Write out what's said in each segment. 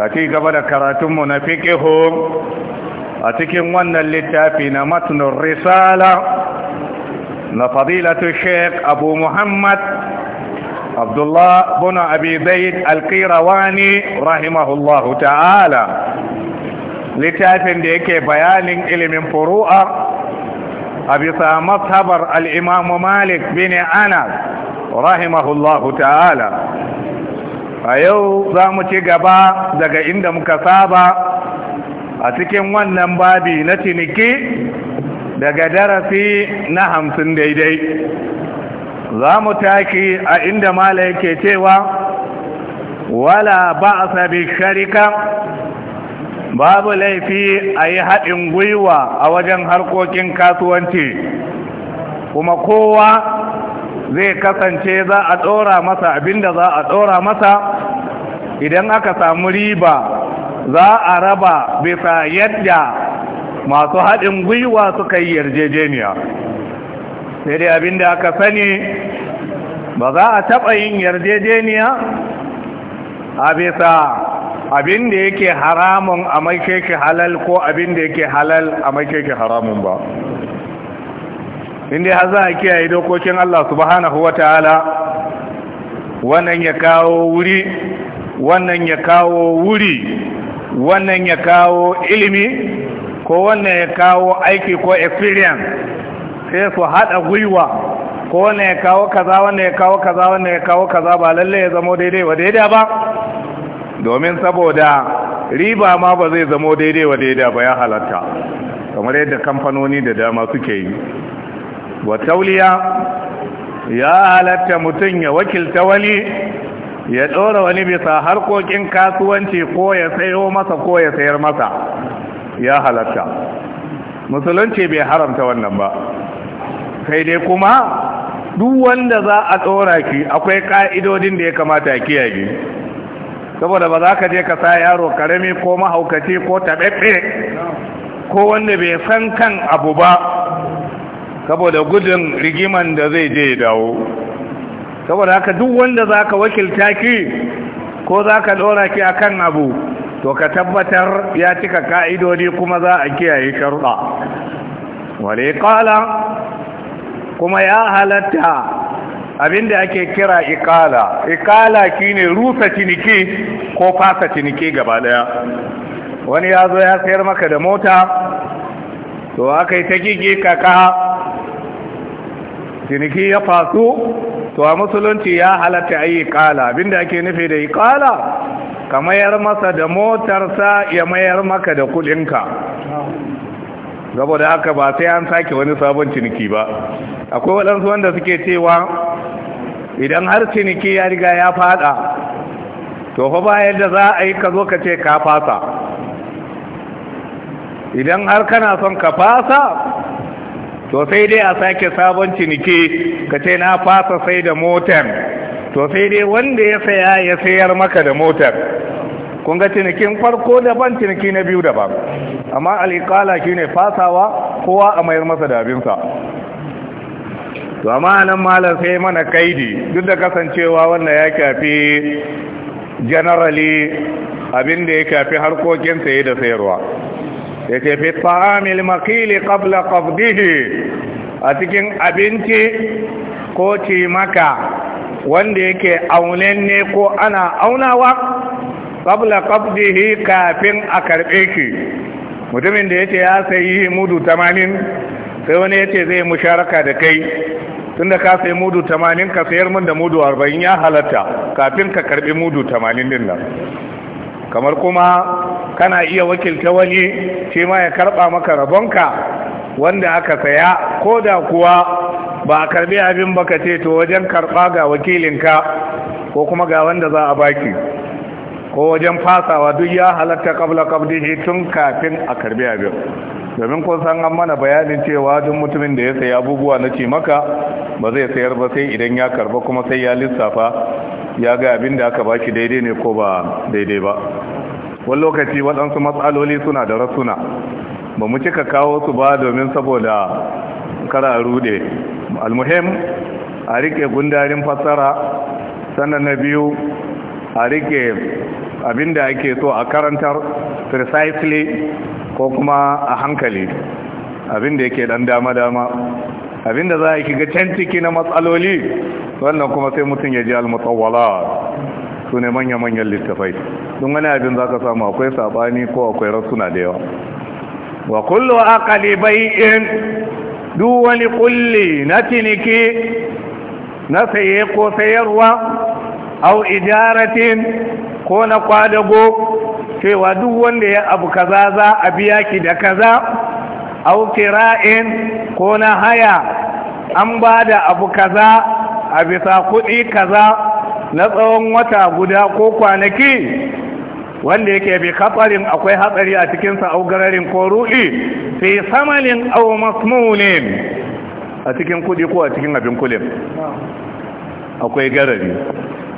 a ci gaba da karatunmu na fiƙihu a cikin wannan littafi na matunan risala na fadilatu sheik abu muhammad abdullah bin abi zaid alqirawani rahimahullahu ta'ala littafin da yake bayanin ilimin furu'a a bisa mazhabar al-imam malik bin anas rahimahullahu ta'ala a yau za mu ci gaba daga inda muka saba a cikin wannan babi na ciniki daga darasi na hamsin daidai za mu taki a inda mala yake cewa wala ba a sabi sharika babu laifi a yi haɗin gwiwa a wajen harkokin kasuwanci kuma kowa zai kasance za a ɗora masa abinda za a ɗora masa idan aka samu riba za a raba bisa yadda masu haɗin gwiwa suka yi yarjejeniya sai dai abinda aka sani ba za a taɓa yin yarjejeniya a bisa abin da yake haramun a maike ki halal ko abin da yake halal a maike ki haramun ba inda har za a kiyaye dokokin Allah subhanahu wa ta'ala wannan ya kawo wuri wannan ya kawo wuri wannan ya kawo ilimi ko wannan ya kawo aiki ko experience sai su haɗa gwiwa ko wannan ya kawo kaza wannan ya kawo kaza wannan ya kawo kaza ba lalle ya zamo daidai wa daidai ba domin saboda riba ma ba zai zamo daidai wa daidai ba ya halatta kamar yadda kamfanoni da dama suke yi wa ya halatta mutum ya wakilta wani ya ɗora wani bisa harkokin kasuwanci ko ya sayo masa ko ya sayar masa ya halatta musulunci bai haramta wannan ba sai dai kuma duk wanda za a ɗora ki akwai ƙa'idodin da ya kamata a kiyaye saboda ba za ka je ka sa yaro karami ko mahaukaci ko taɓaɓɓe ko wanda bai san kan abu ba saboda gudun rigiman da zai je dawo saboda haka duk wanda za ka wakilta ki ko za ka ki a kan abu to ka tabbatar ya cika ka'idodi kuma za a kiyaye sharuɗa wale ƙala kuma ya halatta abinda ake kira ikala ikala shine rusa ciniki ko fasa ciniki gaba daya wani ya zo ya sayar maka da mota to aka yi ta gigi kaka ciniki ya fasu to a musulunci ya halatta a yi kala abinda ake nufi da yi kala ka mayar masa da motarsa ya mayar maka da kudinka saboda haka ba sai an sake wani sabon ciniki ba akwai waɗansu wanda suke cewa idan har ciniki ya riga ya fada to fa ba yadda za a yi ka zo ka ce ka fasa idan har kana son ka fasa to sai dai a sake sabon ciniki ka ce na fasa sai da motar to sai dai wanda ya saya ya sayar maka da motar kun ga cinikin farko daban ciniki na biyu daban amma al'ikala shi ne fasawa kowa a mayar masa dabinsa to amma nan malar sai mana kaidi duk da kasancewa wannan ya kafi generally abinda ya kafi harkokin saye da sayarwa yake fi ta'amil maqili qabla qabdihi a cikin abinci ko maka wanda yake ne ko ana aunawa qabla qabdihi kafin a karbe ki mutumin da yace ya sayi mudu 80 sai wani yace zai musharaka da kai tunda ka sayi mudu 80 ka sayar min da mudu arba'in ya halatta kafin ka karɓi mudu tamanin din nan kamar kuma kana iya wakilta wani shi ma ya karɓa maka rabonka wanda aka saya ko da kuwa ba a karɓi abin baka ce to wajen karɓa ga wakilinka ko kuma ga wanda za a baki ko wajen fasawa duk ya halatta kabla kabdihi tun kafin a karɓi abin domin kun san an mana bayanin cewa duk mutumin da ya sayi abubuwa na ce maka ba zai sayar ba sai idan ya karba kuma sai ya lissafa ya ga abin da aka bashi daidai ne ko ba daidai ba wani lokaci waɗansu matsaloli suna da rasuna ba mu cika kawo su ba domin saboda kara rude almuhim a rike gundarin fassara sannan na biyu a rike abinda ake so a karantar precisely ko kuma a hankali abinda yake dan dama-dama abinda za a shiga can ciki na matsaloli wannan kuma sai mutum ya ji almatsawala su ne manya-manyan littafai don wani abin za ka samu akwai sabani ko akwai rasuna da yawa wa kullu aqali bay'in duk wani kulli na ciniki na saye ko sayarwa au ijaratin. ko na kwadago cewa duk wanda ya abu kaza za a biya ki da kaza au kira'in ko na haya an ba da abu kaza a bisa kuɗi kaza na tsawon wata guda ko kwanaki wanda yake bi katsarin akwai hatsari a cikinsa au ko ruɗi fi samanin au masmunin a cikin kuɗi ko a cikin abin kulin akwai garari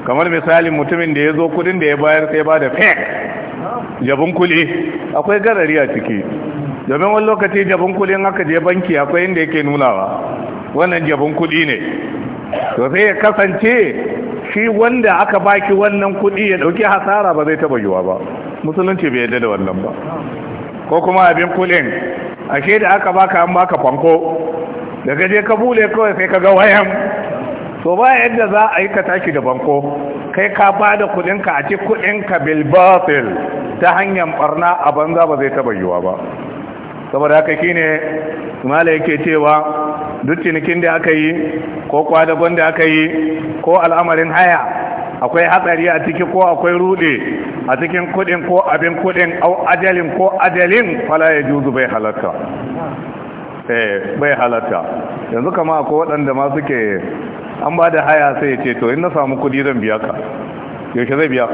kamar misalin mutumin da ya zo kudin da ya bayar sai ba da fek jabin kuli akwai garari a ciki domin wani lokaci jabin kuli in aka je banki akwai inda yake nunawa wannan jabin kudi ne to sai ya kasance shi wanda aka baki wannan kudi ya dauki hasara ba zai taba yiwa ba musulunci bai yadda da wannan ba ko kuma abin kulin ashe da aka baka an baka fanko daga je ka bule kawai sai ka ga wayan to ba yadda za a yi ka tashi da banko kai ka ba da kudinka a ci kudinka bilbatil ta hanyar barna a banza ba zai taba yiwa ba saboda haka shine mala yake cewa duk cinikin da aka yi ko kwadagon da aka yi ko al'amarin haya akwai hatsari a ciki ko akwai rude a cikin kudin ko abin kudin au ajalin ko ajalin fala ya juzu bai halatta eh bai halatta yanzu kama akwai waɗanda ma suke an ba da haya sai ya ce to in na samu kudi zan biya ka yaushe zai biya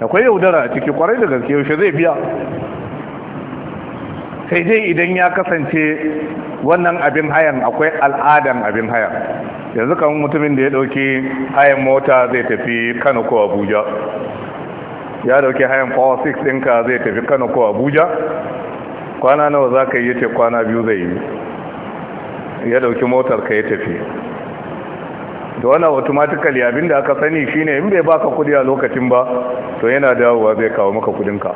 akwai yaudara a ciki kwarai da gaske yaushe zai biya sai dai idan ya kasance wannan abin hayan akwai al'adan abin hayan yanzu kan mutumin da ya dauki hayan mota zai tafi kano ko abuja ya dauki hayan power six ɗinka zai tafi kano ko abuja kwana nawa za ka yi ce kwana biyu zai yi ya dauki motar ka ya tafi to wannan automatically abinda aka sani shine in bai baka kudi a lokacin ba to yana dawowa zai kawo maka ka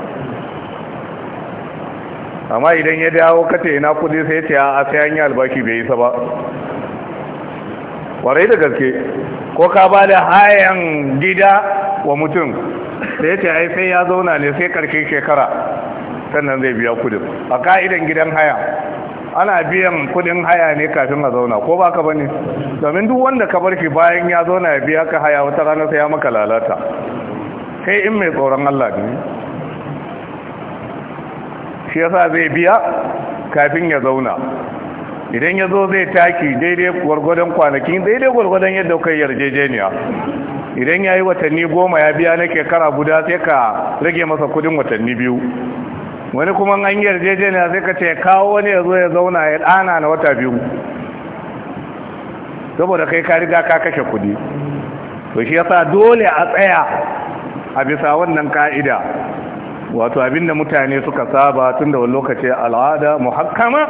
amma idan ya dawo kace ina kudi sai ce a sai an yi albashi bai isa ba warai da gaske ko ka ba da hayan gida wa mutum sai ce ai sai ya zauna ne sai karshen shekara sannan zai biya kudin a ka'idan gidan haya ana biyan kudin haya ne kafin a zauna ko ba ka ba ne domin duk wanda ka barki bayan ya zauna ya biya ka haya wata ranar sai ya maka lalata kai in mai tsoron Allah ne shi yasa zai biya kafin ya zauna idan ya zo zai taki daidai gwargwadon kwanaki daidai gwargwadon yadda kai yarjejeniya idan ya yi watanni goma ya biya na kekara guda sai ka rage masa kudin watanni biyu wani kuma an yarjejeniya sai ka ce kawo wani ya zo ya zauna ya ɗana na wata biyu saboda kai ka riga ka kashe kudi to shi yasa dole a tsaya a bisa wannan ka'ida wato abinda mutane suka saba tun da wani lokaci al'ada muhakkama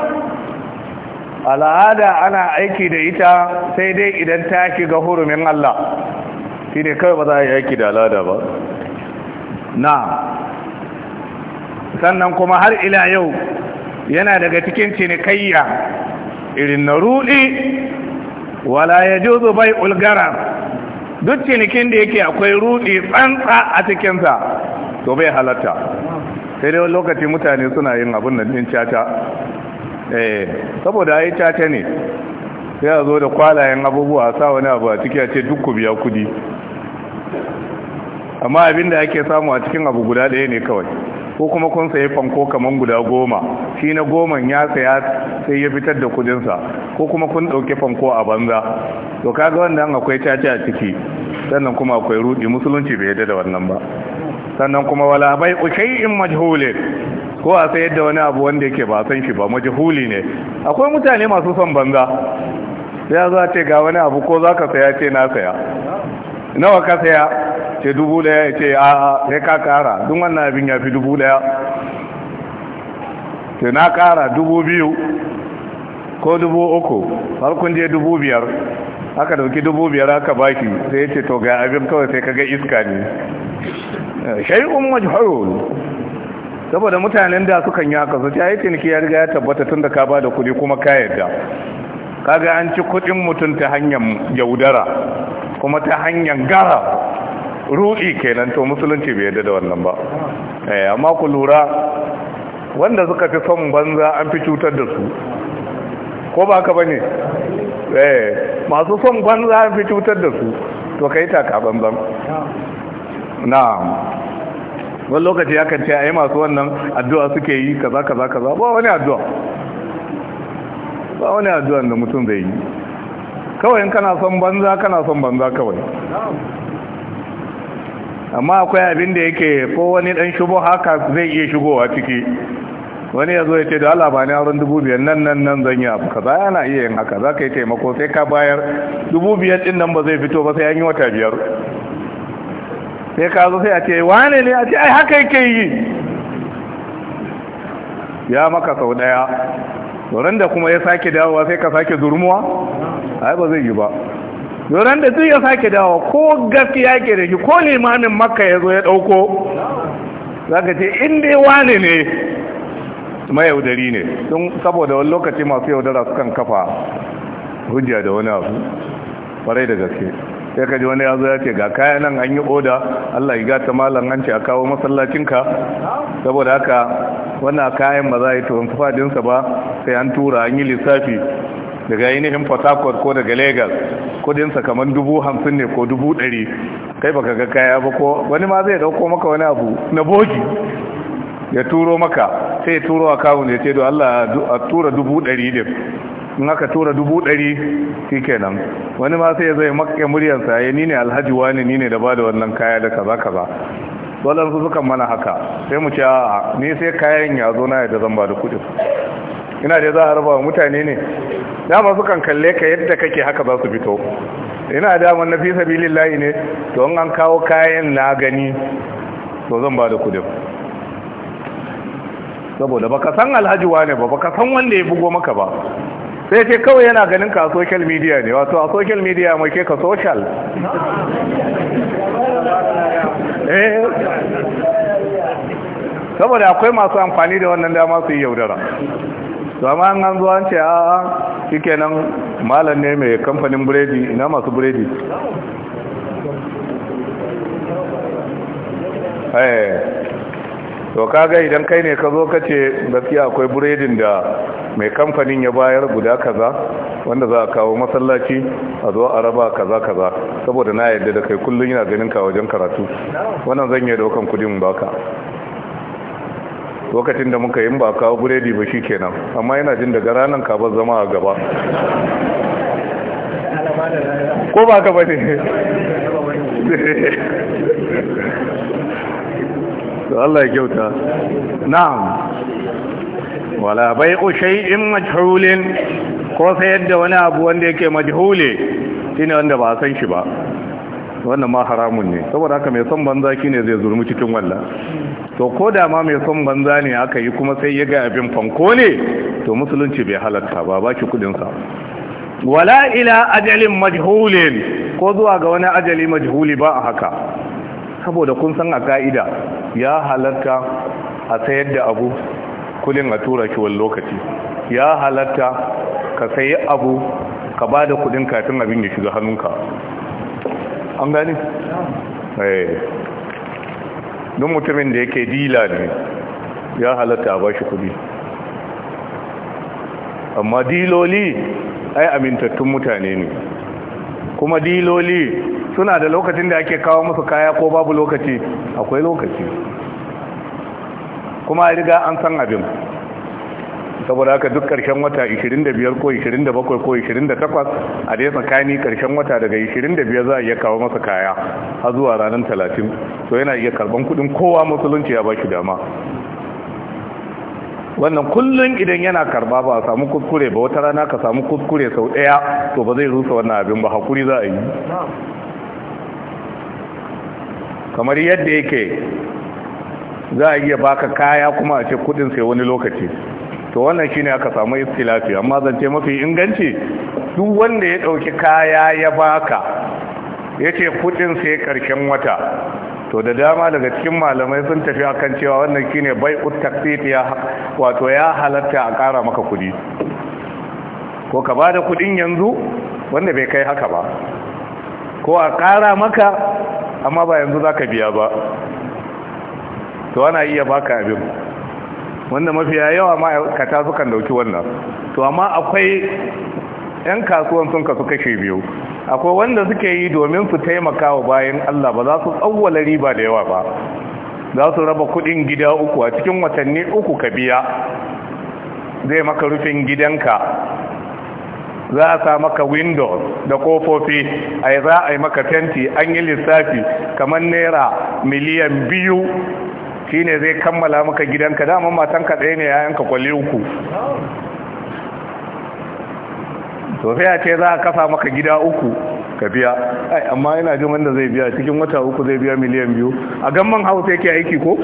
al'ada ana aiki da ita sai dai idan ta shiga hurumin Allah shi ne kawai ba za a yi aiki da al'ada ba na sannan kuma har ila yau yana daga cikin cinikayya irin na ruɗi wala ya juzu bai ulgara duk cinikin da yake akwai ruɗi tsantsa a cikinsa to bai halatta sai dai lokaci mutane suna yin abin da caca eh saboda ai caca ne sai a zo da kwalayen abubuwa sa wani abu a ciki ce duk ku biya kudi amma abin da ake samu a cikin abu guda ɗaya ne kawai ko kuma kun sayi fanko kaman guda goma shi na goman ya saya sai ya fitar da kudinsa ko kuma kun ɗauki fanko a banza to kaga wannan akwai caca a ciki sannan kuma akwai rudi musulunci bai yadda da wannan ba sannan kuma wala bai in majhulin ko a sayar da wani abu wanda yake ba san shi ba majhuli ne akwai mutane masu son banza sai za ce ga wani abu ko za ka saya ce na saya nawa ka saya ce dubu daya ya ce a sai ka kara duk wannan abin ya fi dubu daya ce na kara dubu biyu ko dubu uku farkon je dubu biyar aka dauki dubu biyar aka baki sai ya ce to ga abin kawai sai kaga iska ne Umar majhul saboda mutanen da sukan yi haka su ta yi ciniki ya riga ya tabbata tun da ka ba da kuɗi kuma ka yadda kaga an ci kuɗin mutum ta hanyar yaudara kuma ta hanyar gara ru'i kenan to musulunci bai yadda da wannan ba eh, amma ku lura wanda suka fi son banza an fi cutar da su ko ba ka bane eh masu son banza an fi cutar da su to kai ta ka banban na'am wani lokaci ya kance ai masu wannan addu'a suke yi kaza kaza kaza ba wani addu'a ba wani addu'a da mutum zai yi kawai kana son banza kana son banza kawai amma akwai abin da yake ko wani dan shubo haka zai iya shigowa ciki wani ya zo ya ce da Allah ba ni aron dubu biyar nan nan nan zan yi abu kaza yana iya yin haka za ka yi taimako sai ka bayar dubu biyar din nan ba zai fito ba sai an yi wata biyar sai ka zo sai a ce wane ne a ce ai haka yake yi ya maka sau daya ran da kuma ya sake dawowa sai ka sake durmuwa ai ba zai yi ba doron da zai ya sake dawo ko gaskiya ke da shi ko limanin makka ya zo ya ɗauko za ce in dai wane ne yaudari ne don saboda wani lokaci masu yaudara sukan kafa hujja da wani abu farai da gaske sai ka ji wani ya zo ya ce ga kaya nan an yi oda Allah ya gata malam hanci a kawo masallacinka saboda haka wannan kayan ba za a yi tuwon fadinsa ba sai an tura an yi lissafi daga ainihin port harcourt ko daga lagos kudinsa kamar dubu hamsin ne ko dubu ɗari kai baka ga kaya ba ko wani ma zai dauko maka wani abu na bogi ya turo maka sai ya turo a kawun ya ce do allah a tura dubu ɗari din in aka tura dubu ɗari shi kenan wani ma sai ya zai makke muryarsa ya eh, ni ne alhaji wani ni ne da ba da wannan kaya da kaza kaza dole sukan mana haka sai mu ce ne ni sai kayan ya zo na yadda zan ba da kuɗi ina da za a raba mutane ne dama su kankalle kalle ka yadda kake haka za su fito ina da man nafi sabilillahi ne to an kawo kayan na gani to zan ba da kudin saboda baka san alhaji wane ba baka san wanda ya bugo maka ba sai ce kawai yana ganin ka a social media ne wato a social media mai ke ka social eh. saboda akwai masu amfani da wannan dama su yi yaudara zama amma an zo an ce a'a nan malam ne mai kamfanin buredi ina masu buredi eh, to kaga idan kai ne ka zo ka ce gaskiya akwai buredin da mai kamfanin ya bayar guda kaza wanda za a kawo masallaci a zo a raba kaza kaza saboda na yadda da kai kullum yana ganin ka wajen karatu wannan zan yi daukan kudin baka lokacin da muka yi ba kawo buredi ba shi kenan amma yana jin daga ranar kaba zama a gaba ko ba ka ba ne Allah ya kyauta na'am wala bai bai'u shay'in majhulin ko sayar da wani abu wanda yake majhule shine wanda ba san shi ba wannan ma haramun ne saboda haka mai son banza ne zai zurmi cikin wallah to ko da ma mai son banza ne aka yi kuma sai ya ga abin fanko ne to musulunci bai halatta ba ba ki kudin sa wala ila ajalin majhulin ko zuwa ga wani ajali majhuli ba a haka saboda kun san a ka'ida ya halatta a sayar da abu kudin a tura ki wani lokaci ya halatta ka sayi abu ka ba da kudin kafin abin ya shiga hannunka an gani eh. don mutumin da yake dila ne ya halatta a bashi kudi amma diloli ai amintattun mutane ne kuma diloli suna da lokacin da ake kawo musu kaya ko babu lokaci akwai lokaci kuma riga an san abin saboda haka duk karshen wata 25 ko 27 ko 28 a dai tsakani karshen wata daga 25 za a iya kawo masa kaya har zuwa ranar 30 to yana iya karban kudin kowa musulunci ya shi dama wannan kullum idan yana karba ba a samu kuskure ba wata rana ka samu kuskure sau daya to ba zai rusa wannan abin ba hakuri za a yi kamar yadda yake za a iya baka kaya kuma a ce kudin sai wani lokaci to wannan shine aka samu istilafi amma zance mafi inganci duk wanda ya dauki kaya ya baka yace kudin sai karshen wata to da dama daga cikin malamai sun tafi akan cewa wannan shine bai'ut taqsit ya wato ya halatta a kara maka kudi ko ka bada kudin yanzu wanda bai kai haka ba ko a kara maka amma ba yanzu zaka biya ba to ana iya baka abin wanda mafiya yawa ma ma'aikata sukan dauki wannan to amma akwai 'yan kasuwan sun kasu kashe biyu akwai wanda suke yi domin su taimaka wa bayan Allah ba za su tsawwala riba da yawa ba za su raba kudin gida uku a cikin watanni uku ka biya zai maka rufin gidanka za a sa maka windows da kofofi a yi za a yi maka fenti an yi lissafi kamar naira miliyan biyu Shi ne zai kammala maka gidanka daman matanka ɗaya ne yayanka kwalle uku to sai a ce za a kasa maka gida uku ka biya ai amma yana jin wanda zai biya cikin wata uku zai biya miliyan biyu a gamman hausa yake aiki ko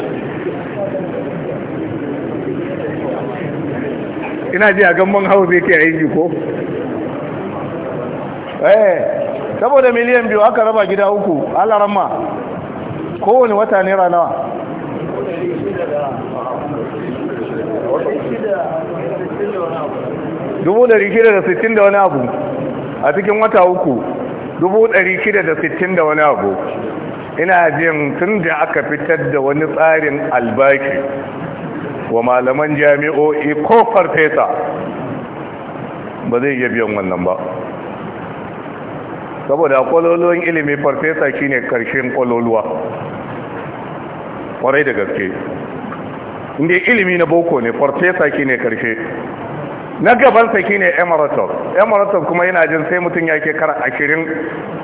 ina ji a gamban hausa yake aiki ko eh saboda miliyan biyu aka raba gida uku alarama kowane wata naira nawa dubu ɗari shida da sittin da wani abu a cikin wata uku dubu ɗari shida da sittin da wani abu ina jin tun da aka fitar da wani tsarin albaki wa malaman jami'o'i ko farfesa ba zai iya biyan wannan ba saboda kwaloluwan ilimin farfesa shine karshen kwaloluwa kwarai da gaske inda ilimi na boko ne farfesa ki ne karshe na gabansa ki ne emirator emirator kuma yana jin sai mutum ya ke kara ashirin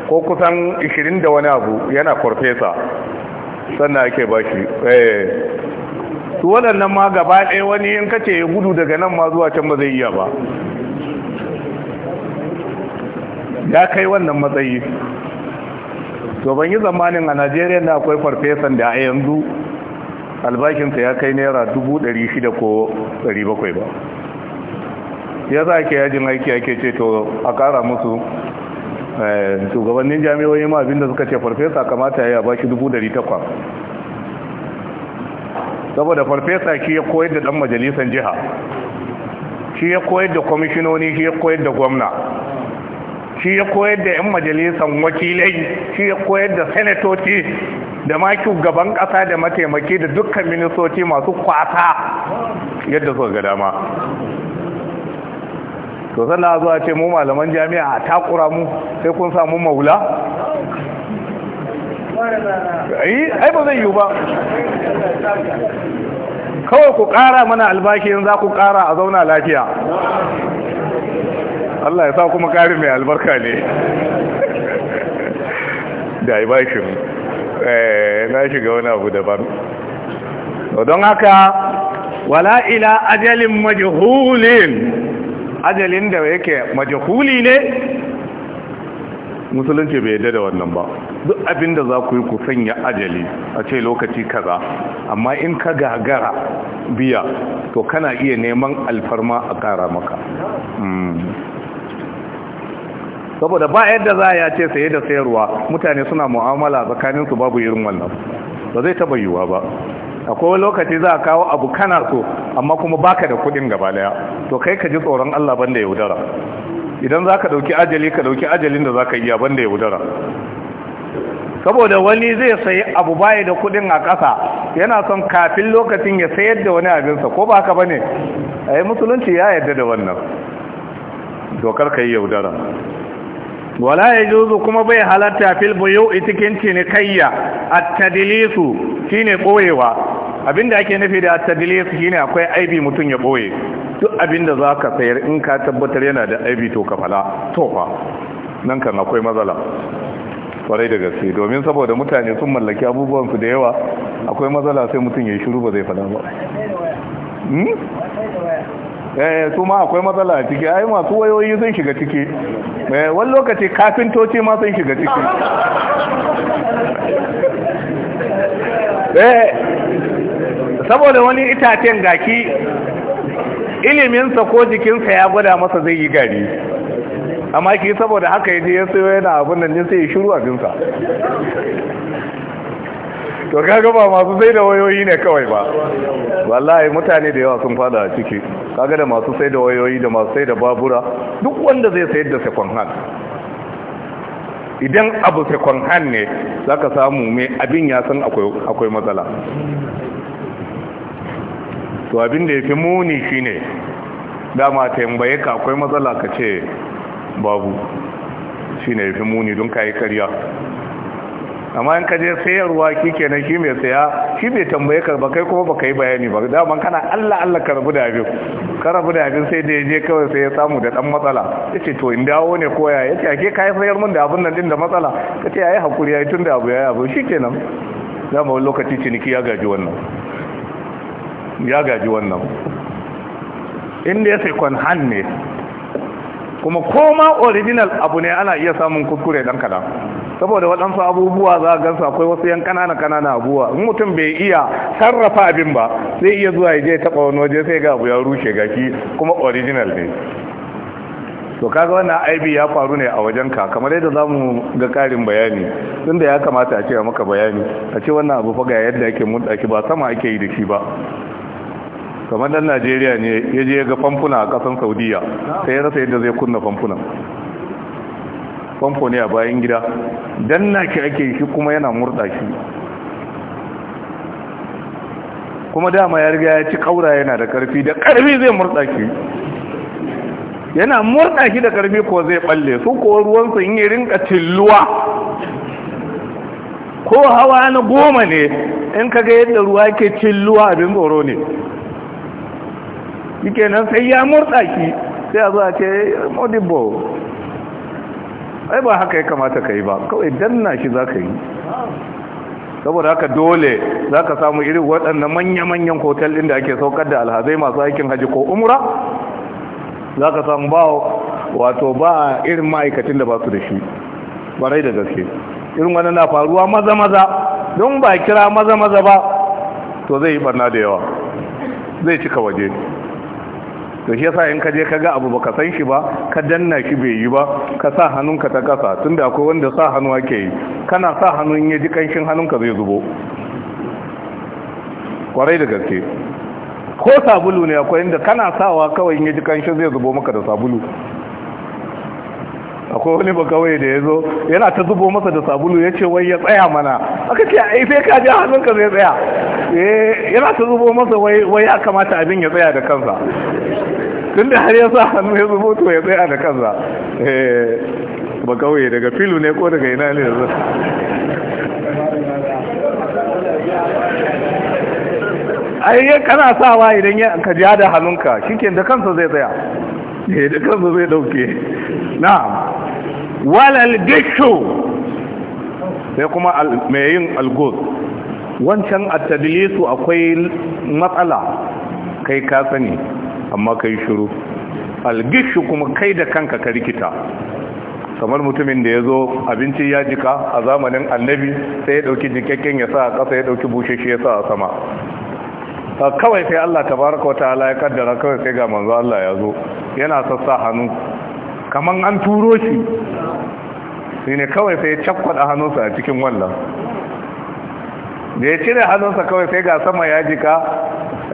ko kusan ashirin da wani abu yana farfesa sannan ake ba shi eh. su waɗannan ma gaba ɗaya wani in kace ya gudu daga nan ma zuwa can ba zai iya ba ya kai wannan matsayi to ban yi zamanin a najeriya da akwai farfesan da a yanzu albashinsa ya kai naira dubu ɗari shida ko ɗari bakwai ba ya za ke yajin aiki ake ce to a ƙara musu eh, shugabannin jami'oyi ma abinda suka ce farfesa kamata ya yi a bashi dubu ɗari takwa saboda farfesa shi ya koyar da ɗan majalisar jiha shi ya koyar da kwamishinoni shi ya koyar da gwamna shi ya koyar da 'yan majalisar wakilai shi ya koyar da senatoci da ma gaban ƙasa da mataimaki da dukkan ministoci masu kwata yadda suka ga dama to sannan zuwa ce mu malaman jami'a a takura mu sai kun samu maula ai ba zai yiwu ba kawai ku ƙara mana albashi yanzu za ku ƙara a zauna lafiya Allah ya sa kuma ƙari mai albarka ne da mu Eh, na shiga wani abu daban don haka wala ila ajalin majahulin ajalin da yake majahuli ne musulunci bai yadda da wannan ba duk da za ku yi ku sanya ajali a ce lokaci kaza amma in ka gagara biya to kana iya neman alfarma a kara maka hmm. saboda ba yadda za a ce saye da sayarwa mutane suna mu'amala tsakanin su babu irin wannan ba zai taba yiwuwa ba akwai lokaci za a kawo abu kana so amma kuma baka da kudin gaba daya to kai ka ji tsoron Allah banda yaudara idan za ka dauki ajali ka dauki ajalin da za ka iya banda yaudara saboda wani zai sayi abu baya da kudin a ƙasa yana son kafin lokacin ya sayar da wani abinsa ko ba ka ba ne a yi musulunci ya yarda da wannan dokar ka yi yaudara wala ya juzu kuma bai halatta fil buyu cikin cinikayya at-tadlisu shine koyewa abinda ake nufi da at-tadlisu shine akwai aibi mutun ya koye duk abinda zaka sayar in ka tabbatar yana da aibi to ka fala to fa nan kan akwai matsala kwarai da gaske domin saboda mutane sun mallaki abubuwan su da yawa akwai matsala sai mutun ya shiru ba zai faɗa ba hmm? eh su ma akwai matsala a ciki ai masu wayoyi sun shiga ciki eh wani lokaci kafintoci ma sun shiga ciki eh saboda wani itacen gaki iliminsa ko jikinsa ya gwada masa zai yi gari amma ki saboda haka yaje ya sayo yana abin nan sai ya shiru jinsa to kaga ba masu sai da wayoyi ne kawai ba wallahi mutane da yawa sun fada a ciki kaga da masu sai da wayoyi da masu sai da babura duk wanda zai sayar da second hand idan abu second hand ne zaka samu mai abin ya san akwai akwai matsala to abin da yafi muni shine dama tambaye ka akwai matsala ka ce babu shine yafi muni don kai karya amma in ka je sayarwa ki kenan shi mai saya shi bai tambaye ka ba kai kuma ka yi bayani ba daman kana Allah Allah ka rabu da abin ka rabu da abin sai da je kawai sai ya samu da dan matsala yace to in dawo ne ko ya yace ake kai sayar mun da abin nan din da matsala kace yayi hakuri tun tunda abu yi abu shi za mu wani lokaci ciniki ya gaji wannan ya gaji wannan inda ya saikon han ne kuma koma original abu ne ana iya samun kuskure dan kadan saboda waɗansu abubuwa za a gansu akwai wasu yan kanana kanana abubuwa in mutum bai iya sarrafa abin ba zai iya zuwa ya je taɓa wani waje sai ga abu ya rushe gaki kuma original ne to kaga wannan aibi ya faru ne a wajen ka kamar yadda za mu ga ƙarin bayani tunda ya kamata a ce maka bayani a ce wannan abu faga yadda ake mutaki ba sama ake yi da shi ba kamar dan najeriya ne ya je ga famfuna a ƙasan saudiya sai ya rasa yadda zai kunna famfunan famfo ne a bayan gida na ki ake shi kuma yana murda shi kuma dama ya riga ya ci kaura yana da karfi da karfi zai murda shi yana murda shi da karfi ko zai balle su ko ruwansu in irin rinka tilluwa ko hawa na goma ne in ka ga yadda ruwa ke cilluwa abin tsoro ne shi kenan sai ya murda shi sai a zuwa ce modibo ai ba haka ya kamata ka yi ba kawai danna shi za ka yi saboda haka dole za ka samu irin waɗannan manya-manyan hotel ɗin da ake saukar da alhazai masu aikin haji ko umra za ka samu ba wato ba irin ma'aikacin da ba su da shi barai da gaske irin wani na faruwa maza-maza don ba kira maza-maza ba to zai yi barna da yawa zai cika waje to shi yasa in ka je ka ga abu baka san shi ba ka danna shi bai yi ba ka sa hannunka ta kasa tunda akwai wanda sa hannu ake yi kana sa hannun ya ji kanshin hannunka zai zubo kwarai da gaske ko sabulu ne akwai inda kana sawa kawai in ya ji kanshin zai zubo maka da sabulu akwai wani bakawai da ya zo yana ta zubo masa da sabulu ya ce wai ya tsaya mana aka ce ai sai ka ji hannunka zai tsaya eh, yana ta zubo masa wai ya kamata abin ya tsaya da kansa tun da har ya sa hannu ya zubo to ya tsaya da kansa eh, bakawai daga filu ne ko daga ina ne yanzu ai kana sawa idan ya ka ja da hannunka shikenan da kansa zai tsaya eh da kansa zai dauke na'am walal gishu sai kuma mai yin algoz wancan attadilisu akwai matsala kai ka sani amma kai shiru algishu kuma kai da kanka ka rikita kamar mutumin da ya zo abinci ya jika a zamanin annabi sai ya dauki jikakken ya sa a ƙasa ya dauki busheshe ya sa a sama kawai sai Allah tabaraka wa ta'ala ya kaddara kawai sai ga manzo Allah ya zo yana sassa hannu kaman an turo shi shi ne kawai sai cakwada hannunsa a cikin wannan da ya cire hannunsa kawai sai ga sama ya jika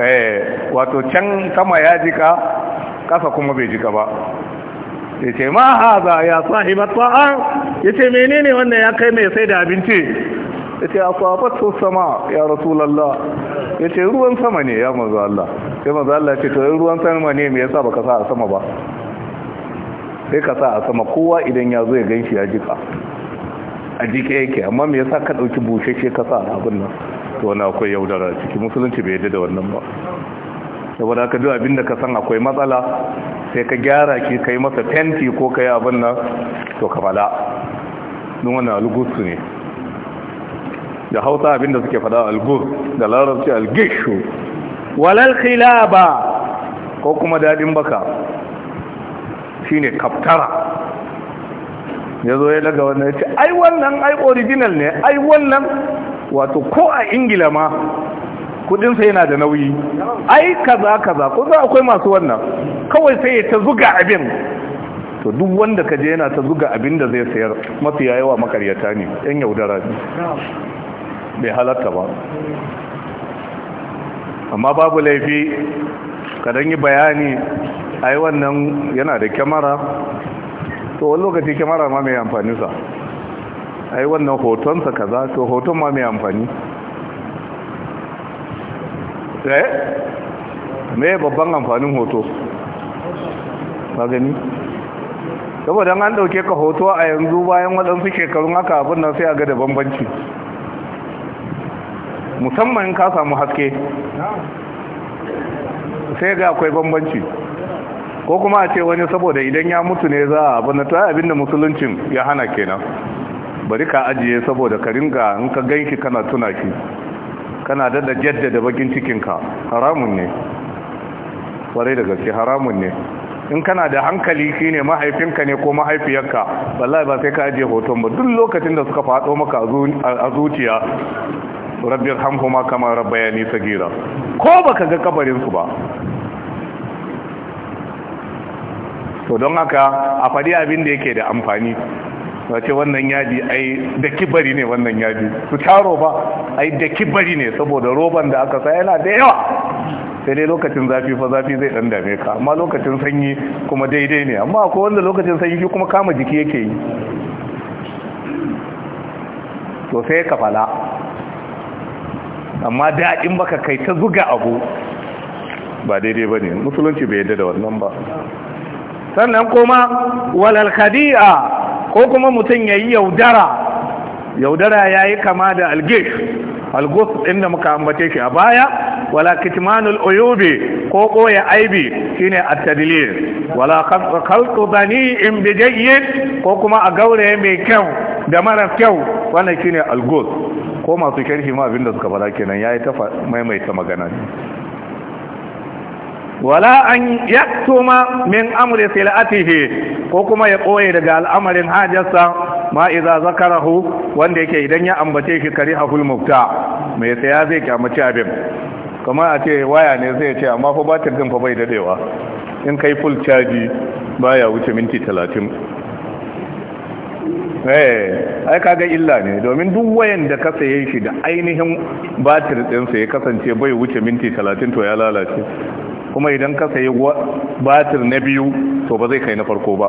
eh, wato can sama ya jika ƙasa kuma bai jika ba ya ce ma haza ya sahibar ta'an ya ce menene wannan ya kai mai sai da abinci ya ce a akwabatu sama ya rasulallah ya ce ruwan sama ne ya mazu Allah ya mazu Allah ce to ruwan sama ne mai yasa baka sa a sama ba sai ka sa a sama kowa idan ya zo ya gan shi ya jika a jike yake amma me yasa ka ɗauki bushashe ka sa abin nan to wani akwai yaudara ciki musulunci bai yadda da wannan ba saboda ka duk abin da ka san akwai matsala sai ka gyara ki kai masa fenti ko kai abin nan to ka fada don wani algusu ne da hausa abin da suke fada algus da larabci algishu walal khilaba ko kuma dadin baka shine kaftara ya zo ya daga wannan ya ce ai wannan ai original ne ai wannan wato ko a ingila ma kudinsa yana da nauyi ai kaza kaza ko za akwai masu wannan kawai sai ya ta zuga abin to duk wanda ka je yana ta zuga abin da zai sayar mafi yawa makaryata ne yan yaudara ne bai halatta ba amma babu laifi ka yi bayani ai wannan yana da kyamara to wani lokaci kyamara ma mai amfani sa ai wannan hotonsa kaza to hoton ma mai amfani eh mai babban amfanin hoto ka gani saboda an dauke ka hoto a yanzu bayan waɗansu shekarun haka abin nan sai a ga da bambanci musamman ka samu haske sai ga akwai bambanci ko kuma a ce wani saboda idan ya mutu ne za a abin ta abin da musuluncin ya hana kenan bari ka ajiye saboda ka ringa in ka ganki kana tuna ki kana dada jaddada bakin cikinka haramun ne kwarai da gaske haramun ne in kana da hankali shi ne mahaifinka ne ko mahaifiyarka wallahi ba sai ka ajiye hoton ba duk lokacin da suka faɗo maka a zuciya rabbi hamhuma kamar rabbayani sagira ko baka ga kabarin su ba to don haka a faɗi abin da yake da amfani wace wannan yaji ai da kibari ne wannan yaji su taro ba ai da kibari ne saboda roban da aka sa yana da yawa sai dai lokacin zafi fa zafi zai dan dame ka amma lokacin sanyi kuma daidai ne amma akwai wanda lokacin sanyi kuma kama jiki yake yi to sai ka fala amma da in baka kai ta zuga abu ba daidai bane musulunci bai yadda da wannan ba sannan kuma walal khadi'a ko kuma mutum yayi yaudara yaudara yayi kama da algish algus inda muka ambace shi a baya wala kitmanul uyubi ko koya aibi shine at-tadlil wala khalqu bi bijayyin ko kuma a gaure mai kyau da mara kyau wannan shine algus ko masu sharhi ma abinda suka fara kenan yayi ta maimaita magana wala an yaktuma min amri silatihi ko kuma ya koye daga al'amarin hajarsa ma iza zakarahu wanda yake idan ya ambace shi kari haful mubta mai saya zai kyamaci abin kamar a ce waya ne zai ce amma fa batir din fa bai dadewa in kai full charge baya wuce minti 30 eh ai kaga illa ne domin duk wayan da ka saye shi da ainihin batir din sa ya kasance bai wuce minti talatin to ya lalace kuma idan ka sayi batir na biyu to ba zai kai na farko ba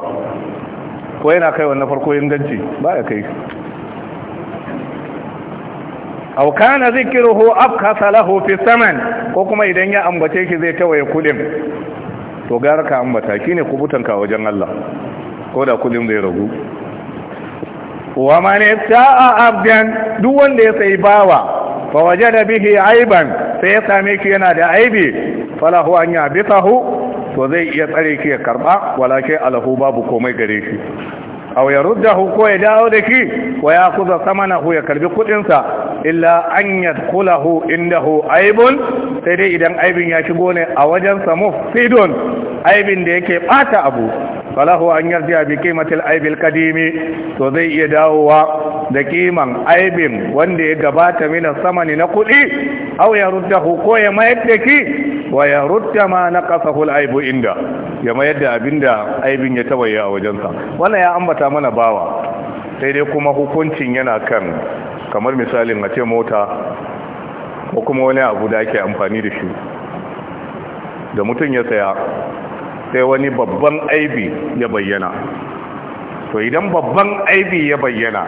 ko yana kai wannan farko inganci ba ya kai aw kana afkasa lahu fi saman ko kuma idan ya ambace ki zai tawaye kudin to gara ka ambata shine ka wajen Allah ko da kudin zai ragu wa man yasaa abdan duk wanda ya sayi bawa waje da bihi aiban sai ya same ki yana da aibi falahu an yabitahu to zai iya tsare ki ya karba walakin alahu babu komai gare shi aw ya ruddahu ko ya dawo da ki wa ya kuza samanahu ya karbi kudin sa illa an yadkhulahu indahu aibun sai dai idan aibin ya shigo ne a wajen samu fidon aibin da yake bata abu falahu an yarda bi qimatil aibil qadimi to zai iya dawowa da kiman aibin wanda ya gabata mina samani na kudi aw ya ko ya mayar da ki wa ya rudda ma naqasahu aibu inda ya mayar da abinda aibin ya tawaye a wajensa wannan ya ambata mana bawa sai dai kuma hukuncin yana kan kamar misalin a ce mota ko kuma wani abu da ake amfani da shi da mutum ya saya sai wani babban aibi ya bayyana to idan babban aibi ya bayyana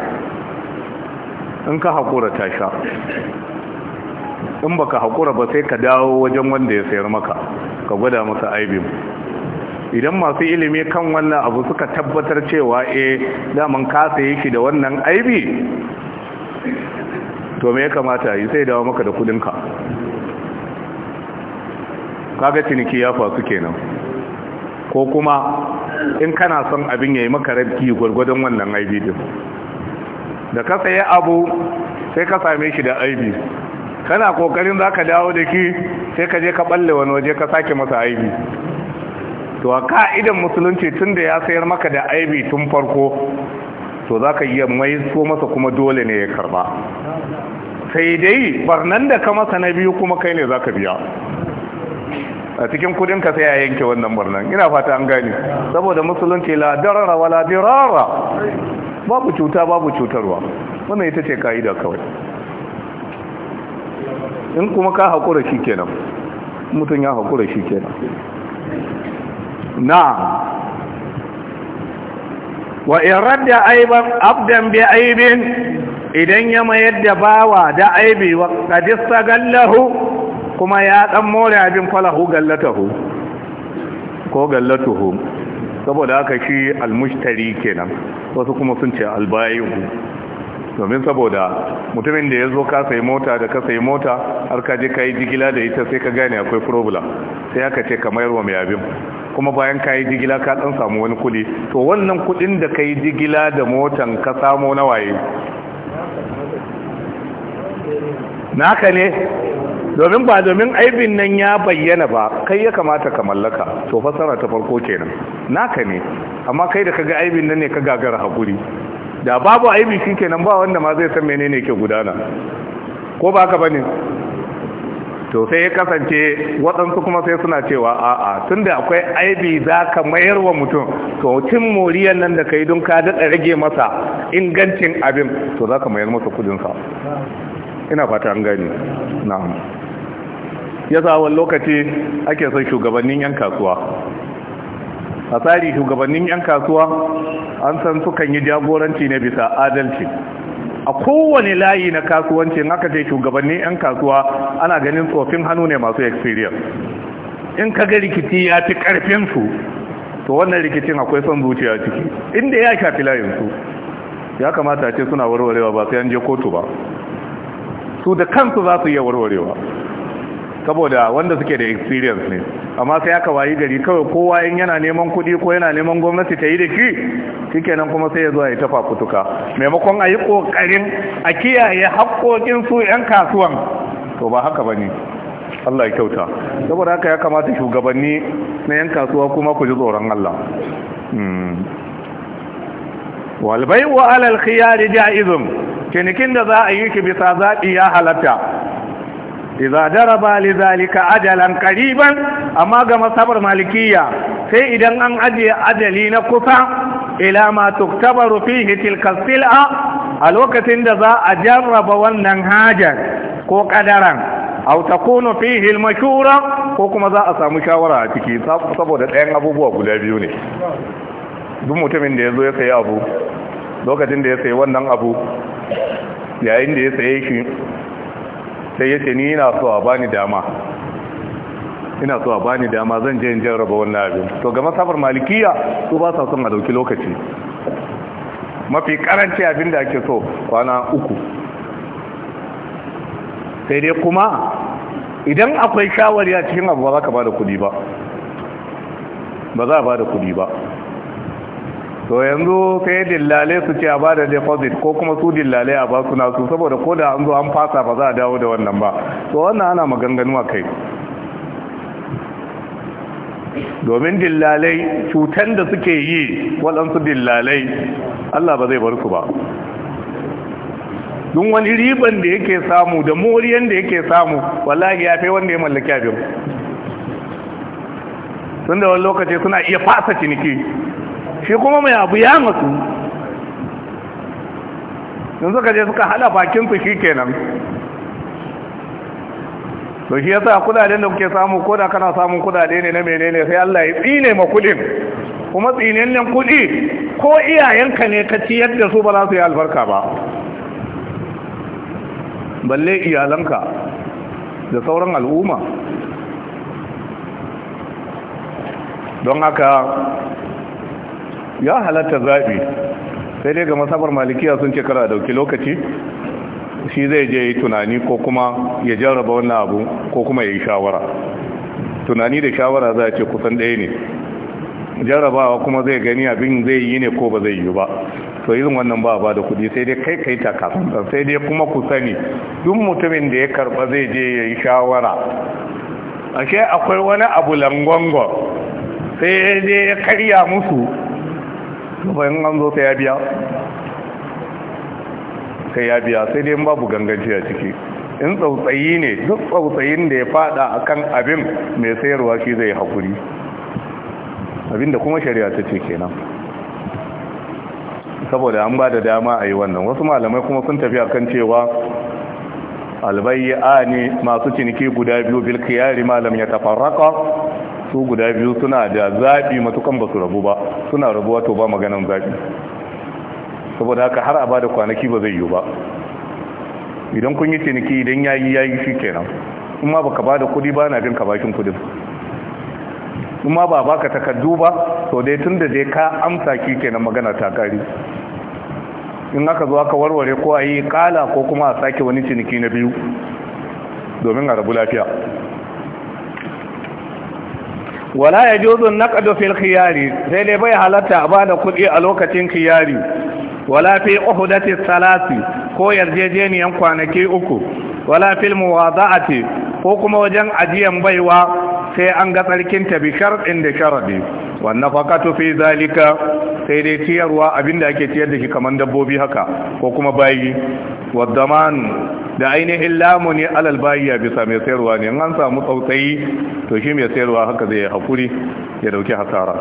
in ka haƙura ta sha in baka haƙura ba sai ka dawo wajen wanda ya sayar maka ka gwada masa aibin idan masu ilimi kan wannan abu suka tabbatar cewa eh daman ka saye shi da wannan aibi to me ya kamata yi sai dawo maka da kudinka kaga ciniki ya fasu kenan ko kuma in kana son abin ya yi maka rabki gwargwadon wannan aibi da ka saye abu sai ka same shi da aibi kana kokarin za ka dawo da ki sai ka je ka balle wani waje ka sake masa aibi to a ka'idan musulunci tun da ya sayar maka da aibi tun farko to za ka iya mai so masa kuma dole ne ya karba sai dai barnan da ka masa na biyu kuma kai ne za ka biya a cikin kudin ka sai a yanke wannan barnan ina fata an gani saboda musulunci la darara wala dirara babu cuta babu cutarwa wannan ita ce ka'ida kawai in kuma ka haƙura shi kenan mutum ya haƙura shi kenan na wa in radda aiban abdan bi aibin idan ya mayar da bawa da aibi wa qadista gallahu kuma ya dan more abin falahu gallatahu ko gallatuhu saboda haka shi almustari kenan wasu kuma sun ce albayihu domin saboda mutumin da ya zo ka sai mota da ka sai mota har ka je ka yi jigila da ita sai ka gane akwai problem sai aka ce ka mayarwa mai abin kuma bayan ka yi jigila ka dan samu wani kudi to wannan kudin da ka yi jigila da motan ka samu na waye naka ne domin ba domin aibin nan ya bayyana ba kai ya kamata ka mallaka to fasara ta farko kenan naka ne amma kai da ka ga aibin nan ne ka gagara hakuri da babu aibi shikenan ba wanda ma zai san menene ke gudana ko ba ka bane to sai ya kasance waɗansu kuma sai suna cewa a'a Tunda akwai aibi za ka mayar wa mutum to tun moriyar nan da ka yi don ka daɗa rage masa ingancin abin to za ka mayar masa kudinsa ina fata an gani na'am ya sa wani lokaci ake son shugabannin yan kasuwa a tsari shugabannin 'yan kasuwa an san sukan yi jagoranci ne bisa adalci a kowane layi na kasuwanci aka ce shugabannin 'yan kasuwa ana ganin tsofin hannu ne masu experience in ka ga rikici ya fi karfinsu to wannan rikicin akwai son zuciya ciki inda ya shafi layinsu ya kamata ce suna warwarewa ba sai an je kotu ba su da kansu za su iya warwarewa saboda wanda suke da experience ne amma sai aka wayi gari kawai kowa in yana neman kuɗi ko yana neman gwamnati ta yi da shi shikenan kuma sai ya zo ya tafa kutuka maimakon a yi ƙoƙarin a kiyaye haƙoƙin su 'yan kasuwan to ba haka ba Allah ya kyauta saboda haka ya kamata shugabanni na 'yan kasuwa kuma ku ji tsoron Allah hmm. walbai wa alal khiyari ja'izun cinikin da za a yi ki bisa zaɓi ya halatta idza daraba lidhalika ajalan qariban amma ga masabar malikiyya sai idan an ajiye ajali na kusa ila ma tuktabaru fihi tilka sil'a a lokacin da za a jarraba wannan hajar ko kadaran aw takunu fihi al ko kuma za a samu shawara a ciki saboda ɗayan abubuwa guda biyu ne duk mutumin da ya zo ya sayi abu lokacin da ya sayi wannan abu yayin da ya saye shi sai ya ce ni ina so a bani dama ina so a bani dama zan je in jarraba wannan abin to ga masafar malikiya su ba sa son a dauki lokaci mafi karanci abin da ake so kwana uku sai dai kuma idan akwai shawari a cikin abu ba za ka ba da kudi ba ba za a ba da kudi ba to yanzu sai dillalai su ce a ba da deposit ko kuma su dillalai a ba su nasu saboda ko da an zo an fasa ba za a dawo da wannan ba to wannan ana maganganu a kai domin dillalai cutan da suke yi waɗansu dillalai Allah ba zai bar su ba dun wani riban da yake samu da moriyan da yake samu wallahi ya fi wanda ya mallaki abin sun wani lokaci suna iya fasa ciniki shi kuma mai abu ya matu sun suka je suka hada bakinsu shi kenan to shi yasa kudaden da kuke samu ko da kana samun kudade ne na menene sai Allah ya tsine ma kudin kuma tsinen nan kudi ko iyayenka ne ka ci yadda su ba za su yi albarka ba balle iyalanka da sauran al'umma don haka ya halatta zaɓi sai dai ga masabar malikiya sun ce kara dauki lokaci shi zai je yi tunani ko kuma ya jarraba wannan abu ko kuma ya yi shawara tunani da shawara za a ce kusan ɗaya ne jarrabawa kuma zai gani abin zai yi ne ko ba zai yi ba to irin wannan ba ba da kudi sai dai kai kai takasantar sai dai kuma ku sani duk mutumin da ya karba zai je ya yi shawara ashe akwai wani abu langwangwa sai dai ya karya musu yin an zo ya biya sai ya biya sai dai babu ganganci a ciki in tsautsayi ne duk tsautsayin da ya fada akan abin mai sayarwa shi zai hakuri abinda kuma shari'a ta ce kenan saboda an ba da dama a yi wannan wasu malamai kuma sun tafi akan cewa albayi ne masu ciniki guda biyu bilkiyari malam ya tafarraka su guda biyu suna da zaɓi matukan ba su rabu ba suna rabuwa to ba maganan zaɓi saboda haka har a ba da kwanaki ba zai yi ba idan kun yi ciniki idan ya yi ya yi shi kenan in ma baka ba da kuɗi ba na bin ka bakin kudin in ma ba baka takardu ba so dai tun da dai ka amsa ki kenan magana ta kari in aka zo aka warware ko ayi yi kala ko kuma a sake wani ciniki na biyu domin a rabu lafiya wala ya juzu naqdu fil khiyari sai dai bai halatta a bada kuɗi a lokacin khiyari wala fi uhdati salasi ko yarjejeniyan kwanaki uku wala fil muwada'ati ko kuma wajen ajiyan baiwa sai an ga tsarkin ta bi shar'in da sharadi wannan faqatu fi zalika sai dai ciyarwa abinda ake ciyar da shi kamar dabbobi haka ko kuma bayi wa zaman da ainihin lamu ne alal bayiya bisa mai sayarwa ne an samu tsautsayi to shi mai sayarwa haka zai hakuri ya dauki hasara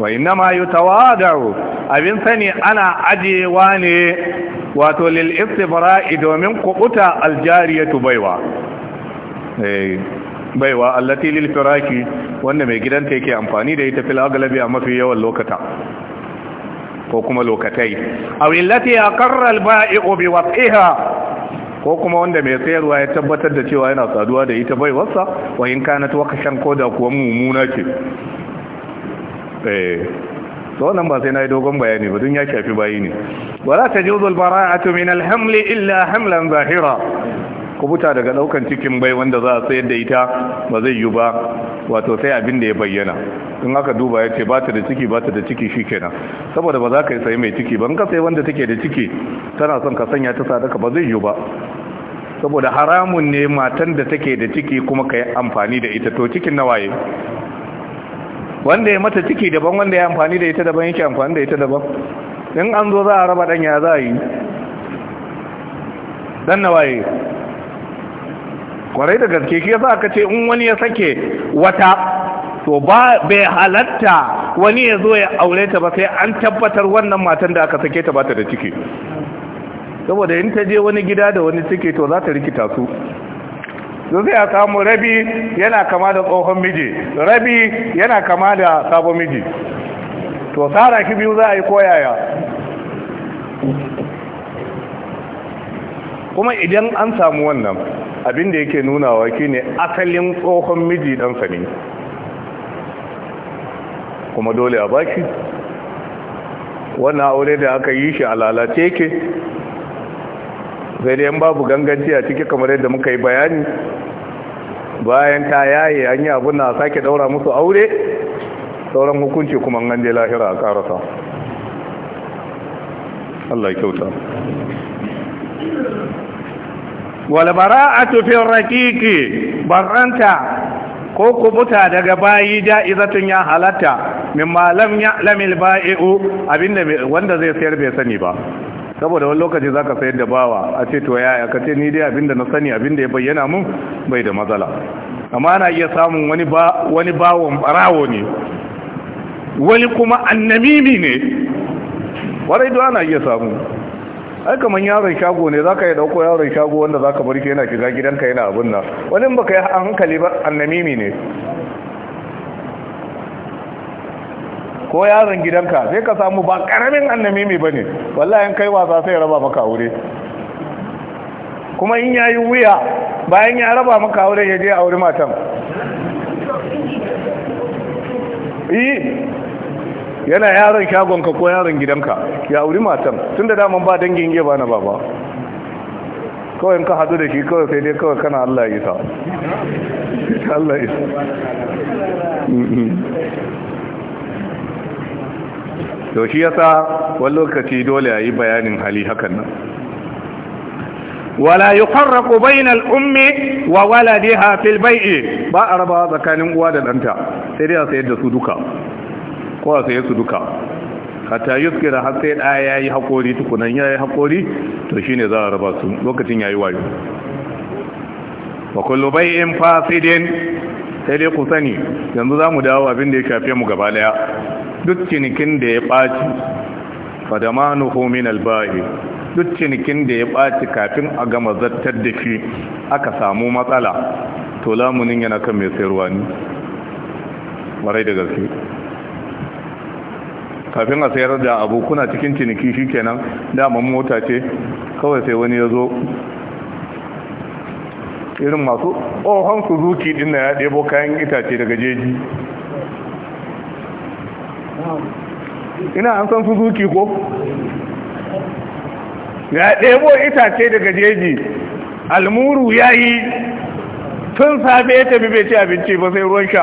wa inna ma yutawadu abin sani ana ajewa ne wato lil istibra'i domin kubuta aljariyatu baiwa eh, baiwa allati lil firaki wanda mai gidanta yake amfani da ita fil aglabi a mafi yawan lokata ko kuma lokatai aw illati aqarra al bi wad'iha ko kuma wanda mai sayarwa ya tabbatar da cewa yana saduwa da ita bai wassa, wa in kanat wakashan koda kuwa mumuna ce eh to nan ba sai na yi dogon bayani ba dun ya shafi bayi ne wala tajuzul bara'atu min al-hamli illa hamlan zahira kubuta daga daukan cikin bai wanda za a sayar da ita ba zai yi ba wato sai abin da ya bayyana in aka duba ya ce ba ta da ciki ba ta da ciki shi kenan saboda ba za ka yi sayi mai ciki ba in ka sayi wanda take da ciki tana son ka sanya ta sadaka ba zai yi ba saboda haramun ne matan da take da ciki kuma ka yi amfani da ita to cikin na waye? wanda ya mata ciki daban wanda ya amfani da ita daban yake amfani da ita daban in an zo za a raba danya za a yi dan nawaye kwarai da gaske shi yasa aka ce in wani ya sake wata to ba bai halatta wani ya zo ya aure ta ba sai an tabbatar wannan matan da aka sake ta ba ta da ciki saboda in ta je wani gida da wani ciki to za ta rikita su don sai a samu rabi yana kama da tsohon miji rabi yana kama da sabon miji to tsara ki biyu za a yi koyaya kuma idan an samu wannan abin da yake nunawa ne asalin tsohon miji ɗansa ne kuma dole a baki wannan aure da aka yi shi a lalace ke. sai dai babu ganganci a ciki kamar yadda muka yi bayani bayan ta yaye an yi abin na sake daura musu aure sauran hukunci kuma an lahira a karasa Allah kyauta wal bara'atu fi raqiqi barranta ko kubuta daga bayi ja'izatun ya halatta mimma lam ya'lam al-ba'i'u abinda wanda zai sayar bai sani ba saboda wani lokaci zaka sayar da bawa a ce to yaya kace, ni dai abinda na sani abinda ya bayyana mun bai da matsala amma ana iya samun wani ba wani bawon barawo ne wani kuma annamimi ne warai da ana iya samu ai kamar yaron shago ne ka yi dauko yaron shago wanda za ka bar shi yana shiga gidanka yana abin nan wani baka yi hankali ba annamimi ne ko yaron gidanka sai ka samu ba karamin annamimi ne wallahi kai wasa sai raba maka aure kuma in yayi wuya bayan ya raba maka aure ya je aure matan yana yaron shagonka ko yaron gidanka ya auri matan tunda daman ba dangin iya bana baba kawai ka hadu da shi kawai sai dai kawai kana Allah ya isa mm-hmm. shi ya to yasa wani lokaci dole a yi bayanin hali hakan nan wala yufarraqu bainal ummi wa dai hafi bai'i ba a raba tsakanin uwa da ɗanta, sai dai a sayar da su duka ko a su duka hatta da har sai ɗaya ya yi haƙori tukunan ya yi haƙori to shine ne za a raba su lokacin ya yi wayo wakullu bai in fasidin sai dai ku sani yanzu za mu dawo abin da ya shafe mu gaba ɗaya duk cinikin da ya ɓaci fadamanu homin alba'i duk cinikin da ya ɓaci kafin a gama zartar da shi aka samu matsala to lamunin yana kan mai sayarwa ne warai da gaske kafin a sayar da abu kuna cikin ciniki shikenan dama mota ce kawai sai wani ya zo irin masu su suzuki din na ya ɗebo kayan itace daga jeji ina an san suzuki ko ya ɗebo itace daga jeji almuru ya yi tun safe ya tafi bai ci abinci ba sai ruwan sha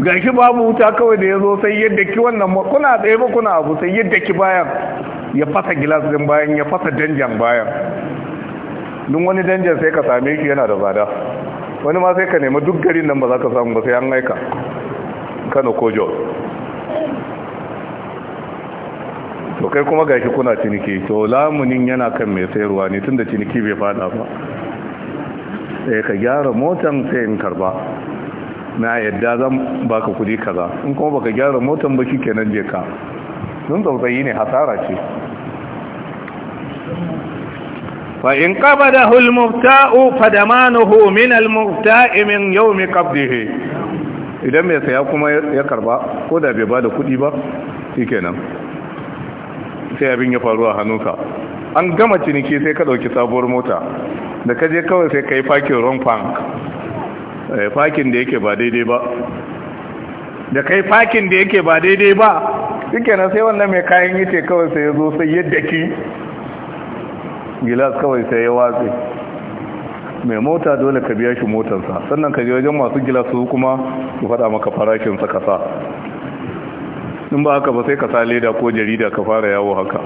gashi babu wuta kawai da ya zo sai yadda ki wannan kuna tsaye ba kuna abu sai yadda ki bayan ya fasa gilas din bayan ya fasa danjan bayan duk wani danjan sai ka same shi yana da tsada wani ma sai ka nemi duk garin nan ba za ka samu ba sai an aika kano ko jos to kai kuma gashi kuna ciniki to lamunin yana kan mai sayarwa ne tunda ciniki bai fada ba sai eh, ka gyara motan sai in karba na yadda zan baka kudi kaza in kuma baka gyara motan ba shikenan je ka sun tsautsayi ne hasara ce fa in qabadahu al-mubta'u fadamanuhu min al-mubta'i min yawmi qabdihi idan mai saya kuma ya karba ko da bai bada kudi ba shikenan sai abin ya faru a hannunka an gama ciniki sai ka dauki sabuwar mota da ka je kawai sai ka yi fakin wrong fakin eh, da yake ba daidai ba da kai fakin da yake ba daidai ba suke na sai wannan mai kayan yake kawai sai ya zo sai yadda ki gilas kawai sai ya watsi mai mota dole ka biya shi motarsa sannan ka wajen masu gilas su kuma su fada maka farashinsa ka sa in ba haka ba sai ka sa leda ko jarida ka fara yawo haka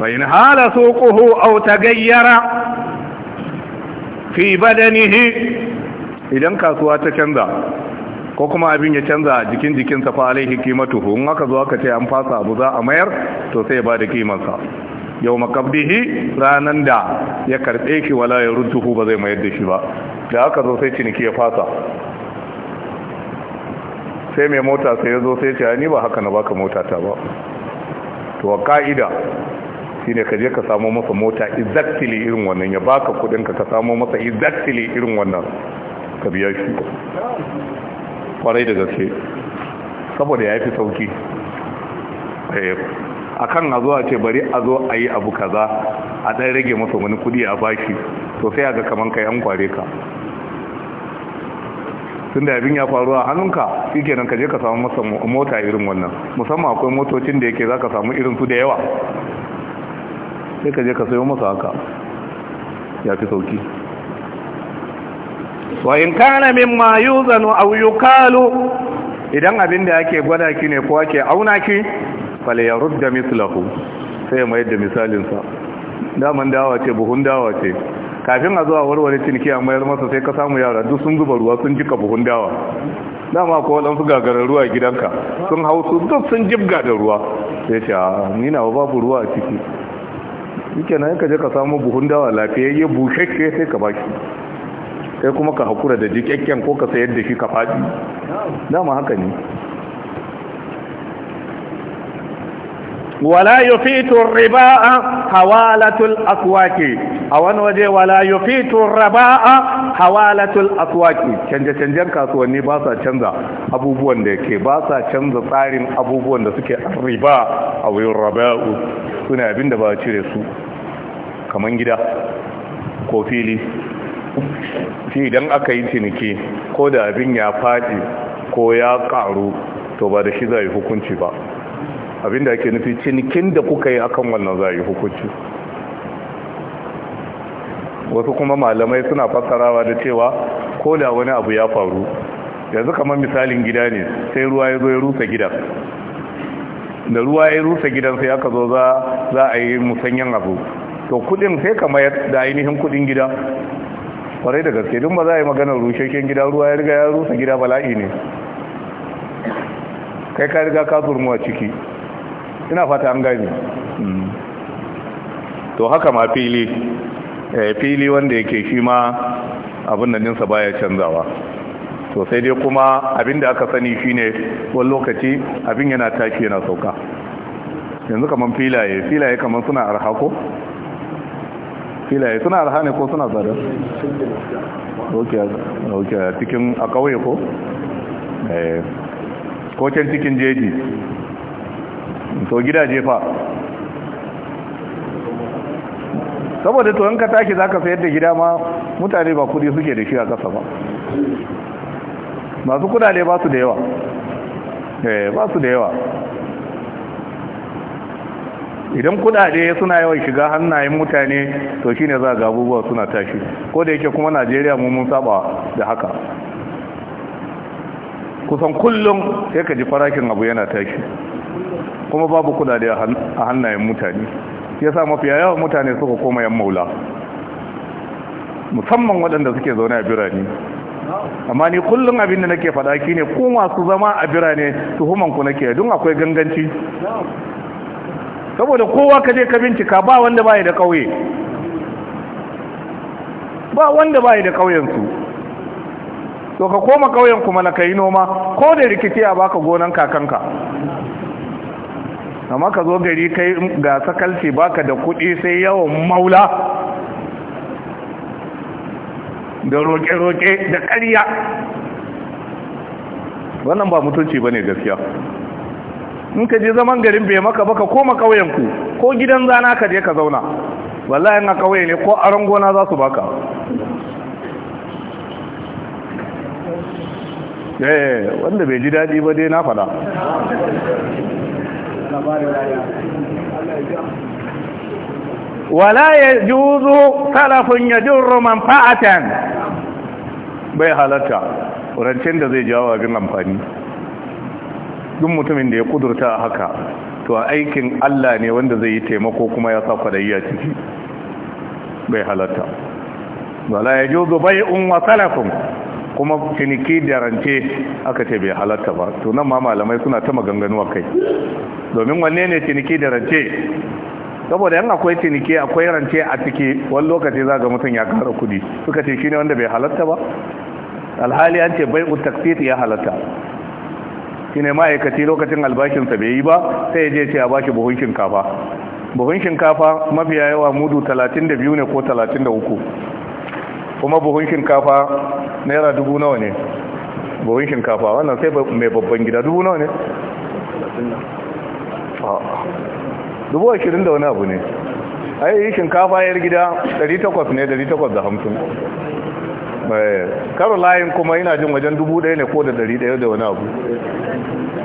fa in hala suquhu aw tagayyara fi badanihi idan kasuwa ta canza ko kuma abin ya canza a jikin jikinsa fa alaihi qimatuhu in aka zo aka ce an fasa abu za a mayar to sai ya bada kimansa yau makabdihi ranan da ya karbe shi wala ya ba zai mayar da shi ba da aka zo sai ciniki ya fasa sai mai mota sai ya zo sai ce ni ba haka na baka mota ta ba to ka'ida shi ka je ka samo masa mota exactly irin wannan ya baka kudin ka samu samo masa exactly irin wannan ka biya shi kwarai da gaske saboda ya fi sauki eh, a kan a zo a ce bari a zo a yi abu kaza a ɗan rage masa wani kudi a bashi to sai a ga kaman kai an kware ka tun da abin ya faru a hannunka shi kenan ka je ka samu masa mota irin wannan musamman akwai motocin da yake za ka samu irin su da yawa sai ka je ka sayo masa haka ya fi sauki wa in kana mimma yuzanu aw yukalu idan abin da yake gwada ki ne ko yake auna ki fale ya rudda mislahu sai mai da misalin sa daman dawa ce buhun dawa ce kafin a zuwa warware ciniki mai mayar masa sai ka samu yara duk sun zuba ruwa sun jika buhun dawa dama ko su gagarar ruwa gidanka sun hau su duk sun jibga da ruwa sai ce ni na babu ruwa a ciki shike nan ka je ka samu buhun dawa lafiyayye bushashe sai ka baki sai kuma ka hakura da jikakken ko ka sayar da shi ka faɗi dama haka ne wala yufitu riba'a hawalatul aswaqi a waje wala yufitu riba'a hawalatul aswaqi canje canjen kasuwanni ba sa canza abubuwan da ke ba sa canza tsarin abubuwan da suke riba a wurin raba'u suna abinda ba cire su kaman gida ko fili shi idan aka yi ciniki ko da abin ya faɗi ko ya ƙaru to ba da shi za yi hukunci ba abin da ake nufi cinikin da kuka yi akan wannan za yi hukunci wasu kuma malamai suna fassarawa da cewa ko da wani abu ya faru yanzu kamar misalin gida ne sai ruwa ya zo ya rusa gidan da ruwa ya rusa gidan sai aka zo za a yi musanyen abu to kudin sai ka mayar da ainihin kudin gida kwarai da gaske dun ba za a yi maganar rushakken gida ruwa ya riga ya rusa gida bala'i ne kai ka riga ka a ciki ina fata an gani hmm. to haka ma fili eh, fili wanda yake shi ma abin da ninsa baya canzawa to sai dai kuma abin da aka sani shine wani lokaci abin yana tashi yana sauka yanzu kaman filaye filaye kaman suna arhako filaye suna alhane ko suna tsada ok cikin a kauye ko eh. ko can cikin jeji to gidaje fa saboda to ka taki ka sayar da gida ma mutane ba kudi suke da shi a kasa ba masu kudade ba su da yawa eh, ba su da yawa idan kudade suna yawan shiga hannayen mutane to shine za ga abubuwa suna tashi ko da yake kuma Najeriya mu mun saba da haka kusan kullum sai ka ji farashin abu yana tashi kuma babu kudade a hannayen mutane yasa mafiya yawan mutane suka koma yan maula musamman waɗanda suke zaune a birane amma ni kullum abin da nake faɗa ne ku masu zama a birane tuhumanku nake don akwai ganganci saboda kowa ka je ka bincika ba wanda bai da kauye ba wanda bai da kauyensu to ka koma kauyen kuma na yi noma ko da rikici a baka gonan kakanka amma ka zo gari kai ga sakalci baka da kuɗi sai yawan maula da roƙe-roƙe da ƙarya wannan ba mutunci ba ne gaskiya in ka je zaman garin bai maka ba ka koma ƙauyenku ko gidan zana ka je ka zauna wallahi na ƙauye ne ko aron gona za su baka eh wanda bai ji daɗi ba dai na faɗa wala ya juzo talafin ya jirru manfa'atan bai halatta rancen da zai jawo abin amfani duk mutumin da ya kudurta haka to aikin Allah ne wanda zai yi taimako kuma ya sa kwadayya ciki bai halatta wala ya juzu bai'un wa salafun kuma ciniki da rance aka ce bai halatta ba to nan ma malamai suna ta maganganu kai domin wanne ne ciniki da rance saboda yan akwai ciniki akwai rance a ciki wani lokaci za ga mutum ya kara kudi suka ce shi ne wanda bai halatta ba alhali an ce bai'un taksiti ya halatta ne ma'aikaci lokacin albashinsa bai yi ba sai je ce a bashi buhun shinkafa buhun shinkafa mafiya yawa mudu 32 ne ko 33 kuma buhun shinkafa naira dubu nawa ne buhun shinkafa wannan sai mai babban gida dubu nawa ne dubu ashirin da wani abu ne ai shinkafa yar gida 800 ne hamsin. Eh, karo layin kuma ina jin wajen dubu ɗaya ne ko da ɗari ɗaya da wani abu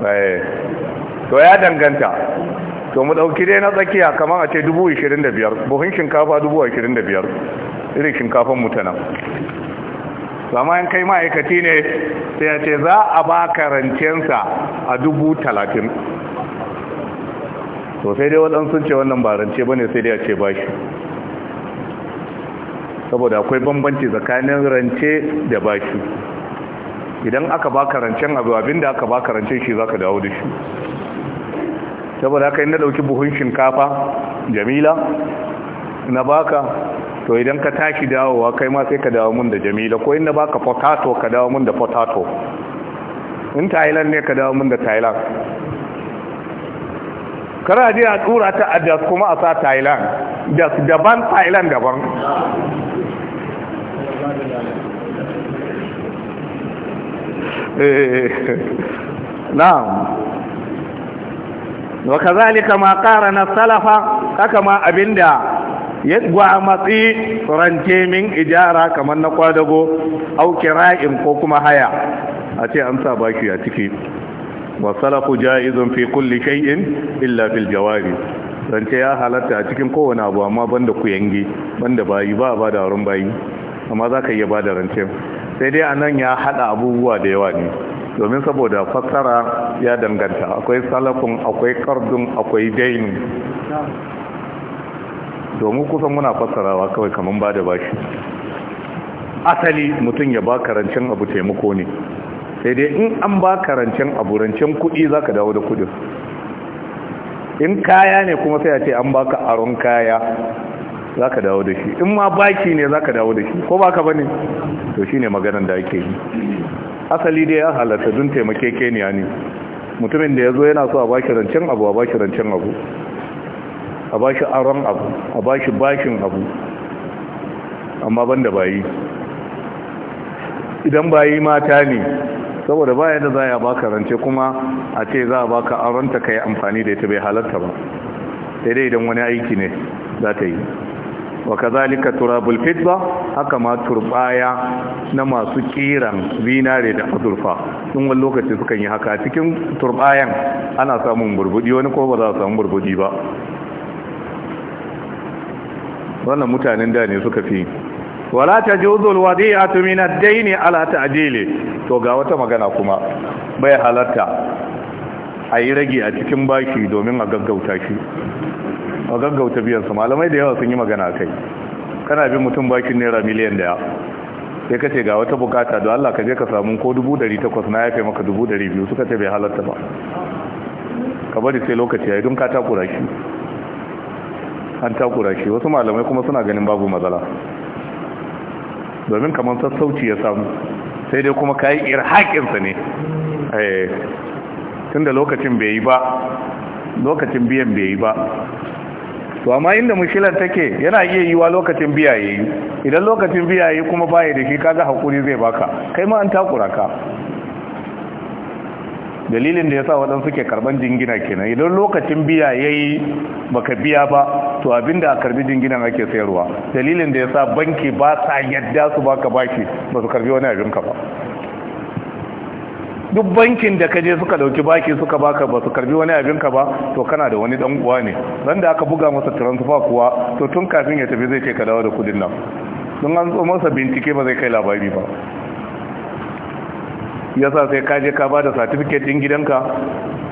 eh, to ya danganta to mu ɗauki dai na tsakiya kamar a ce dubu ishirin da biyar buhun shinkafa dubu ashirin da biyar irin shinkafan mutana zama yin kai ma'aikaci ne sai ya ce za a ba karancensa a dubu talatin to sai dai waɗansu ce wannan ba rance ba ne sai dai a ce ba shi saboda akwai bambanci tsakanin rance da bashi idan aka baka rancen abu abinda aka baka rancen shi zaka dawo da shi saboda haka na dauki buhun shinkafa jamila na baka to idan ka tashi dawowa kai ma sai ka dawo mun da jamila ko inda baka potato ka dawo mun da potato in thailand ne ka dawo mun da thailand kara je a tura ta a das kuma a sa thailand das daban thailand daban eh, na'am wa kazalika ma na salafa haka ma abinda ya matsi rance min ijara kamar na kwadago auki ra'in ko kuma haya a ce an sa baki a ciki wasalaku ja'izun fi kulli shay'in illa fil jawari zance ya halatta a cikin kowane abu amma banda kuyangi banda bayi ba ba da wurin bayi amma za ka iya ba da rance sai dai anan ya hada abubuwa da yawa ne domin saboda fassara ya danganta akwai salafin akwai kardun akwai dainin domin kusan muna fassarawa kawai kaman ba da bashi asali mutum ya ba karancin abu taimako ne sai dai in an ba karancin abu rancen kuɗi za ka dawo da kudin in kaya ne kuma sai a ce an baka aron kaya za ka dawo da shi in ma baki ne za ka dawo da shi ko baka ba ne to shi ne maganan da ake yi asali dai ya halatta dun keniya ne mutumin da ya zo yana so a bashi rancen abu a bashi rancen abu a bashi aron abu a bashi bashin abu amma ban da bayi idan bayi mata ne saboda baya da za a baka rance kuma a ce za a baka ranta ka yi amfani da ita bai halatta ba daidai idan wani aiki ne za ta yi wa zalika turabul fitba haka ma turbaya na masu kiran zinare da azurfa in wani lokaci sukan yi haka cikin turbayan ana samun burbudi wani ko ba za a samu burbudi ba wannan mutanen da ne suka fi wala tajuzu alwadi'atu min ad-dayn ala ta'jili to ga wata magana kuma bai halatta a yi rage a cikin bashi domin a gaggauta shi a gaggauta biyan su malamai da yawa sun yi magana kai kana bin mutum bakin naira miliyan daya sai ka ce ga wata bukata da Allah ka je ka samu ko dubu dari takwas na yafe maka dubu dari biyu suka ce bai halatta ba ka bari sai lokaci ya yi don ka takura shi an takura shi wasu malamai kuma suna ganin babu matsala domin kamar sassauci ya samu sai dai kuma ka yi irhaƙinsa ne eh, tun da lokacin bai yi ba lokacin biyan bai yi ba to amma inda mushilar take yana iya yi wa lokacin biya ya yi idan lokacin biya ya yi kuma baya da shi kaga haƙuri zai baka kai ma an takura ka dalilin da ya sa waɗansu ke karɓar jingina kenan idan lokacin biya ya yi baka biya ba to abinda a karbi jinginan ake sayarwa dalilin da ya sa banki ba sa yadda su baka baki ba su karbi wani abinka ba duk bankin da ka je suka dauki baki suka baka ba su karbi wani abinka ba to kana da wani dan uwa ne dan da aka buga masa transfer kuwa to tun kafin ya tafi zai ce ka dawo da kudin nan don an tso masa bincike ba zai kai labari ba yasa sai ka je ka bada certificate din gidanka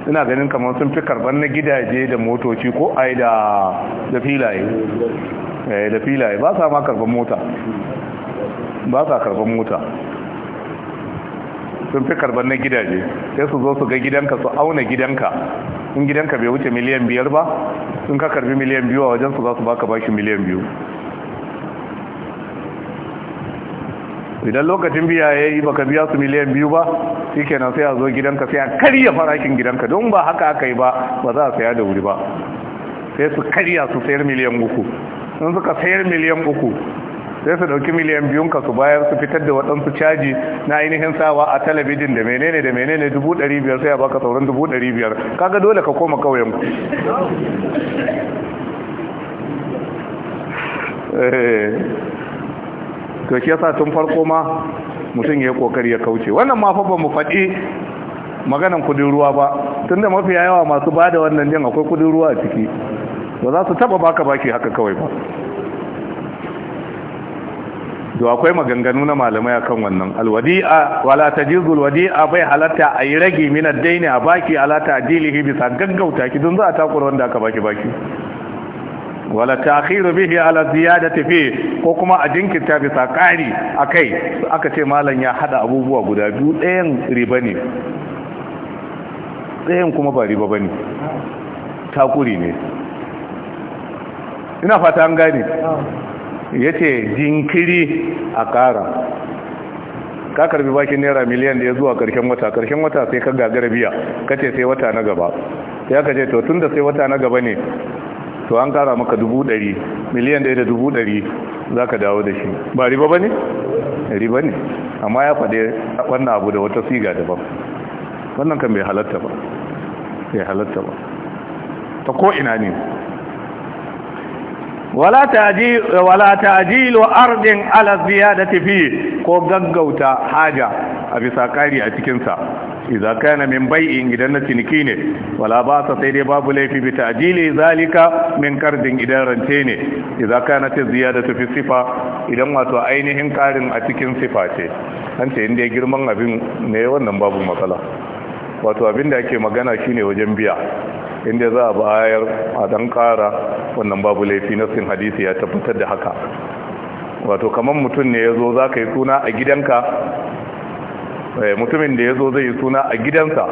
ina ganin kamar sun fi karban na gidaje da motoci ko ai da filaye eh, da filaye ba sa ma karban mota ba sa karban mota sun fi karban na gidaje sai su zo su ga gidanka su auna gidanka in gidanka bai wuce miliyan biyar ba sun ka karbi miliyan biyu a wajen su za su baka bashi miliyan biyu idan lokacin biya ya yi baka biya su miliyan biyu ba shi kenan sai a zo gidanka sai a karya farashin gidanka don ba haka aka yi ba ba za a saya da wuri ba sai su karya su sayar miliyan uku sun suka sayar miliyan uku sai su dauki miliyan biyun ka su bayar su fitar da waɗansu caji na ainihin sawa a talabijin da menene da menene dubu ɗari biyar sai a baka sauran dubu ɗari biyar kaga dole ka koma ƙauyen ku eh. to shi yasa tun farko ma mutum ya yi kokari ya kauce wannan ma fa ba mu faɗi maganan kudin ruwa ba tunda mafi yawa masu bada wannan jin akwai kudin ruwa a ciki ba za su taba baka baki haka kawai ba to akwai maganganu na malamai akan wannan alwadi'a wala tajizul wadi'a bai halatta a yi rage min ad-daini a baki ala ta'dilihi bisa gaggauta ki don za a takura wanda aka baki baki wala ta'khiru bihi ala ziyadati fi ko kuma a jinkirta bisa kari akai aka ce malam ya hada abubuwa guda biyu ɗayan riba ne ɗayan kuma ba riba bane takuri ne ina fata an gane yace jinkiri a ƙara ka karbi bakin naira miliyan da ya zuwa karshen wata karshen wata sai ka gagara biya kace sai wata na gaba sai aka ce to tunda sai wata na gaba ne to an kara maka dubu ɗari miliyan ɗaya da dubu ɗari za ka dawo da shi ba riba ba ne? riba ne amma ya faɗe wannan abu da wata siga daban wannan kan bai halatta ba bai halatta ba ta ko ina ne wala ta'ji wala ta'jilu ardin ala ziyadati fi ko gaggauta haja a bisa kari a cikinsa, sa idza kana min bai'in idan na ciniki ne wala ba sa sai dai babu laifi bi ta'jili zalika min kardin idan rance ne idza kana ta ziyadatu fi sifa idan wato ainihin karin a cikin sifa ce an ce inda girman abin ne wannan babu matsala wato abin da ake magana shine wajen biya inda za a bayar a dan kara wannan babu laifi na sin hadisi ya tabbatar da haka wato kamar mutum ne ya zo za ka yi suna a gidanka eh, mutumin da ya zo zai yi suna a gidansa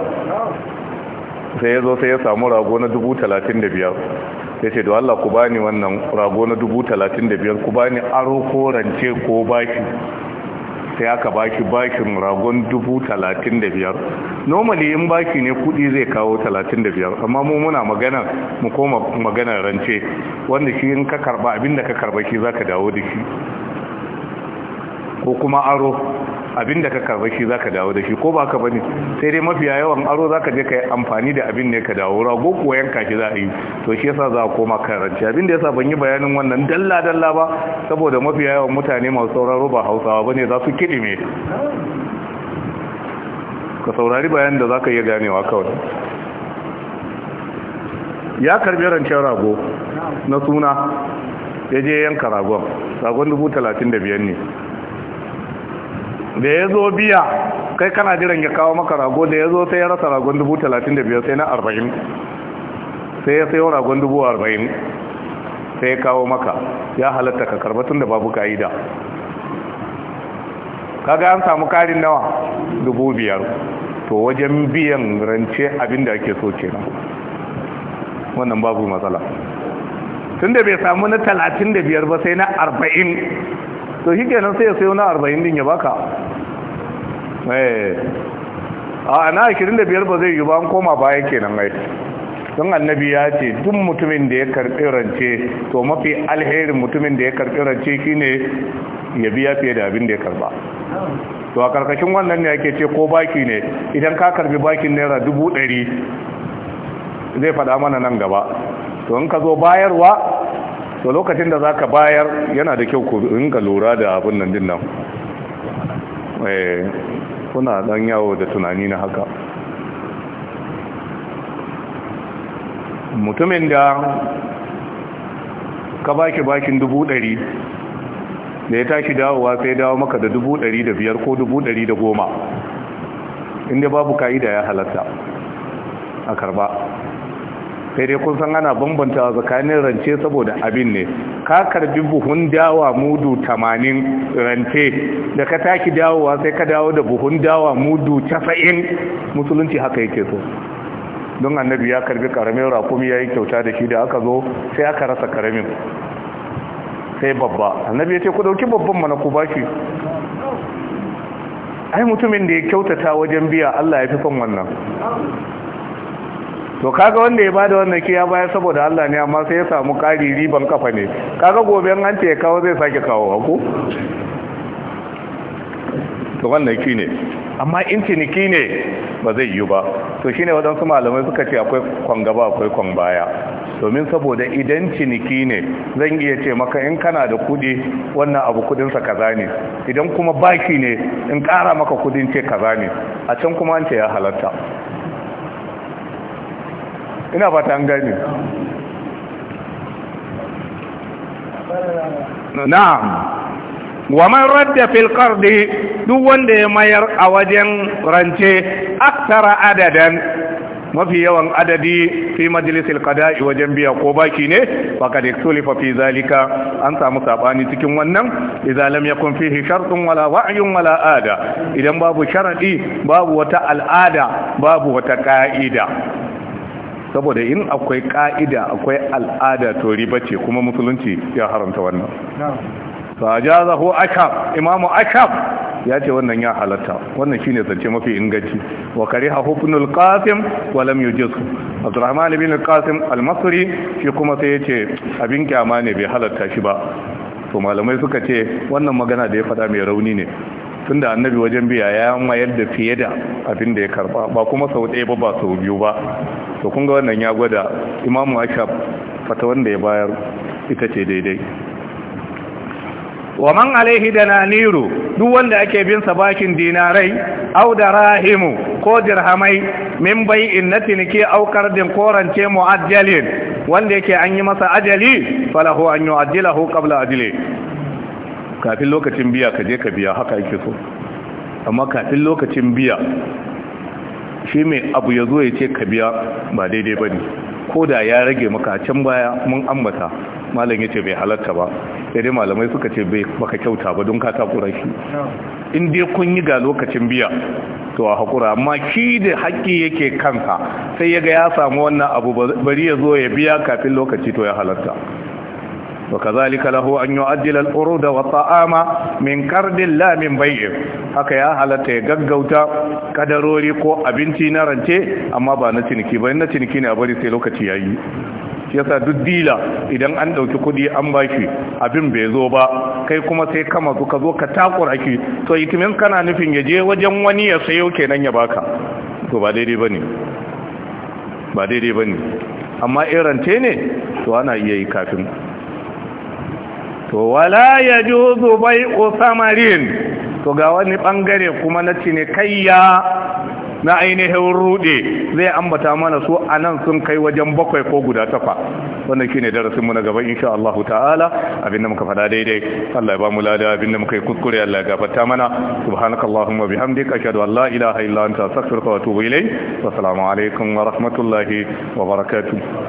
sai ya zo sai ya samu rago na dubu talatin da biyar ya ce da Allah ku bani wannan rago na dubu talatin da biyar ku bani aro ko rance ko baki sai aka baki bakin ragon dubu talatin da biyar nomali in baki ne kudi zai kawo talatin da biyar amma mu muna magana mu koma magana rance wanda shi in ka karba abinda ka karba shi zaka dawo da shi ko kuma aro abin da ka karba shi zaka dawo da shi ko ba ka bane sai dai mafiya yawan aro zaka je kai amfani da abin ne ka dawo rago ko yanka shi za a yi to shi yasa za a koma karanci abin da yasa ban yi bayanin wannan dalla dalla ba saboda mafiya yawan mutane masu sauraro ba Hausawa bane za su kidime ka saurari bayanin da zaka iya ganewa kawai ya karbi rancen rago na suna ya je yanka ragon ragon dubu talatin da biyar ne da ya zo biya kai kana jiran ya kawo maka rago da ya zo sai ya rasa ragon dubu talatin da biyar sai na arba'in sai ya sayo ragon dubu arba'in sai ya kawo maka ya halatta ka karbatun da babu ka'ida kaga an samu karin nawa dubu biyar to wajen biyan rance abin da ake so na. wannan babu matsala tun da bai samu na talatin da biyar ba sai na arba'in to shi kenan sai ya sayo na arba'in din ya baka eh. a na ashirin da biyar ba zai yi ba an koma baya kenan ai don annabi ya ce duk mutumin da ya karɓi rance to mafi alherin mutumin da ya karɓi rance ne ya biya fiye da abin da ya karɓa. to a karkashin wannan ne ake ce ko baki ne idan ka karɓi bakin naira dubu ɗari zai faɗa mana nan gaba to in ka zo bayarwa da lokacin da zaka bayar yana da kyau ku rinka lura da abin nan din nan eh kuna dan yawo da tunani na haka mutumin da ka baki bakin dubu ɗari da ya tashi dawowa sai dawo maka da dubu ɗari da biyar ko dubu ɗari da goma inda babu ka'ida ya halatta a karba sai dai kun san ana bambanta tsakanin rance saboda abin ne ka karbi buhun dawa mudu 80 rance da ka taki dawowa sai ka dawo da buhun dawa mudu 90 musulunci haka yake so don annabi ya karbi karamin rakumi ya yi kyauta da shi da aka zo sai aka rasa karamin sai babba annabi ya ce ku dauki babban mana ku shi ai mutumin da ya kyautata wajen biya Allah ya fi son wannan to kaga wanda ya bada wannan kiya baya saboda Allah ne amma sai ya samu ƙari riban kafa ne kaga gobe an ya kawo zai sake kawo ko to wannan ki ne amma in ciniki ne ba zai yi ba to shine waɗansu malamai suka ce akwai kwan gaba akwai kwan baya domin saboda idan ciniki ne zan iya ce maka in kana da kudi wannan abu kudinsa kaza ne idan kuma baki ne in ƙara maka kudin ce kaza ne a can kuma an ce ya halatta ina fata an gane na'am wa man radda fil qardi duk wanda ya mayar a wajen rance aktara adadan mafi yawan adadi fi majalisil qada'i wajen biya ko baki ne faqad iktulifa fi zalika an samu sabani cikin wannan idan lam yakun fihi shartun wala wa'yun wala ada idan babu sharadi babu wata al'ada babu wata ka'ida saboda in akwai ka'ida akwai al'ada to riba ce kuma musulunci ya haramta wannan fajazahu akab imamu akab ya ce wannan ya halatta wannan shine zance mafi inganci wa kariha ibn al-qasim wa lam yujizhu abdurrahman ibn al-qasim masri shi kuma sai yace abin kyama ne bai halatta shi ba to malamai suka ce wannan magana da ya faɗa mai rauni ne tunda annabi wajen biya ya mayar da fiye da abin da ya karba ba kuma sau ɗaya ba ba sau biyu ba to kun ga wannan ya gwada imamu ashab fata wanda ya bayar ita ce daidai wa man alaihi dananiru duk wanda ake bin sa bakin dinarai au darahimu ko dirhamai min bai'in na ke aukar din korance mu'ajjalin wanda yake an yi masa ajali falahu an yu'ajjilahu qabla ajli kafin lokacin biya ka je ka biya haka yake so amma kafin lokacin biya shi mai abu ya zo ya ce ka biya ba daidai ba ne ko da ya rage maka can baya mun ambata malam ya ce bai halatta ba sai malamai suka ce bai baka kyauta ba don kata kura shi in dai kun yi ga lokacin biya to a hakura amma shi da haƙƙi yake kansa sai ya ga ya samu wannan abu bari ya zo ya biya kafin lokaci to ya halatta وكذلك له أن يؤدل الأرود والطعام من كرد لا من بيئه haka ya halatta ya gaggauta kadarori ko abinci na rance amma ba na ciniki ba na ciniki ne a bari sai lokaci yayi yasa duk dila idan an dauki kudi an bashi abin bai zo ba kai kuma sai kama ka zo ka takura ki to itimin kana nufin ya je wajen wani ya sayo kenan ya baka to ba daidai bane ba daidai bane amma irance ne to ana iya yi kafin to wala ya juzu bai samarin to ga wani bangare kuma na cinikayya na ainihin rude zai ambata mana su a nan sun kai wajen bakwai ko guda tafa. wannan shine darasin mu na gaba insha Allah ta'ala abinda muka fada daidai Allah ya ba mu lada abinda muka yi kuskure Allah ya gafarta mana Allahumma bihamdika ashhadu an la ilaha illa anta astaghfiruka wa atubu ilayk wa assalamu alaikum wa rahmatullahi wa barakatuh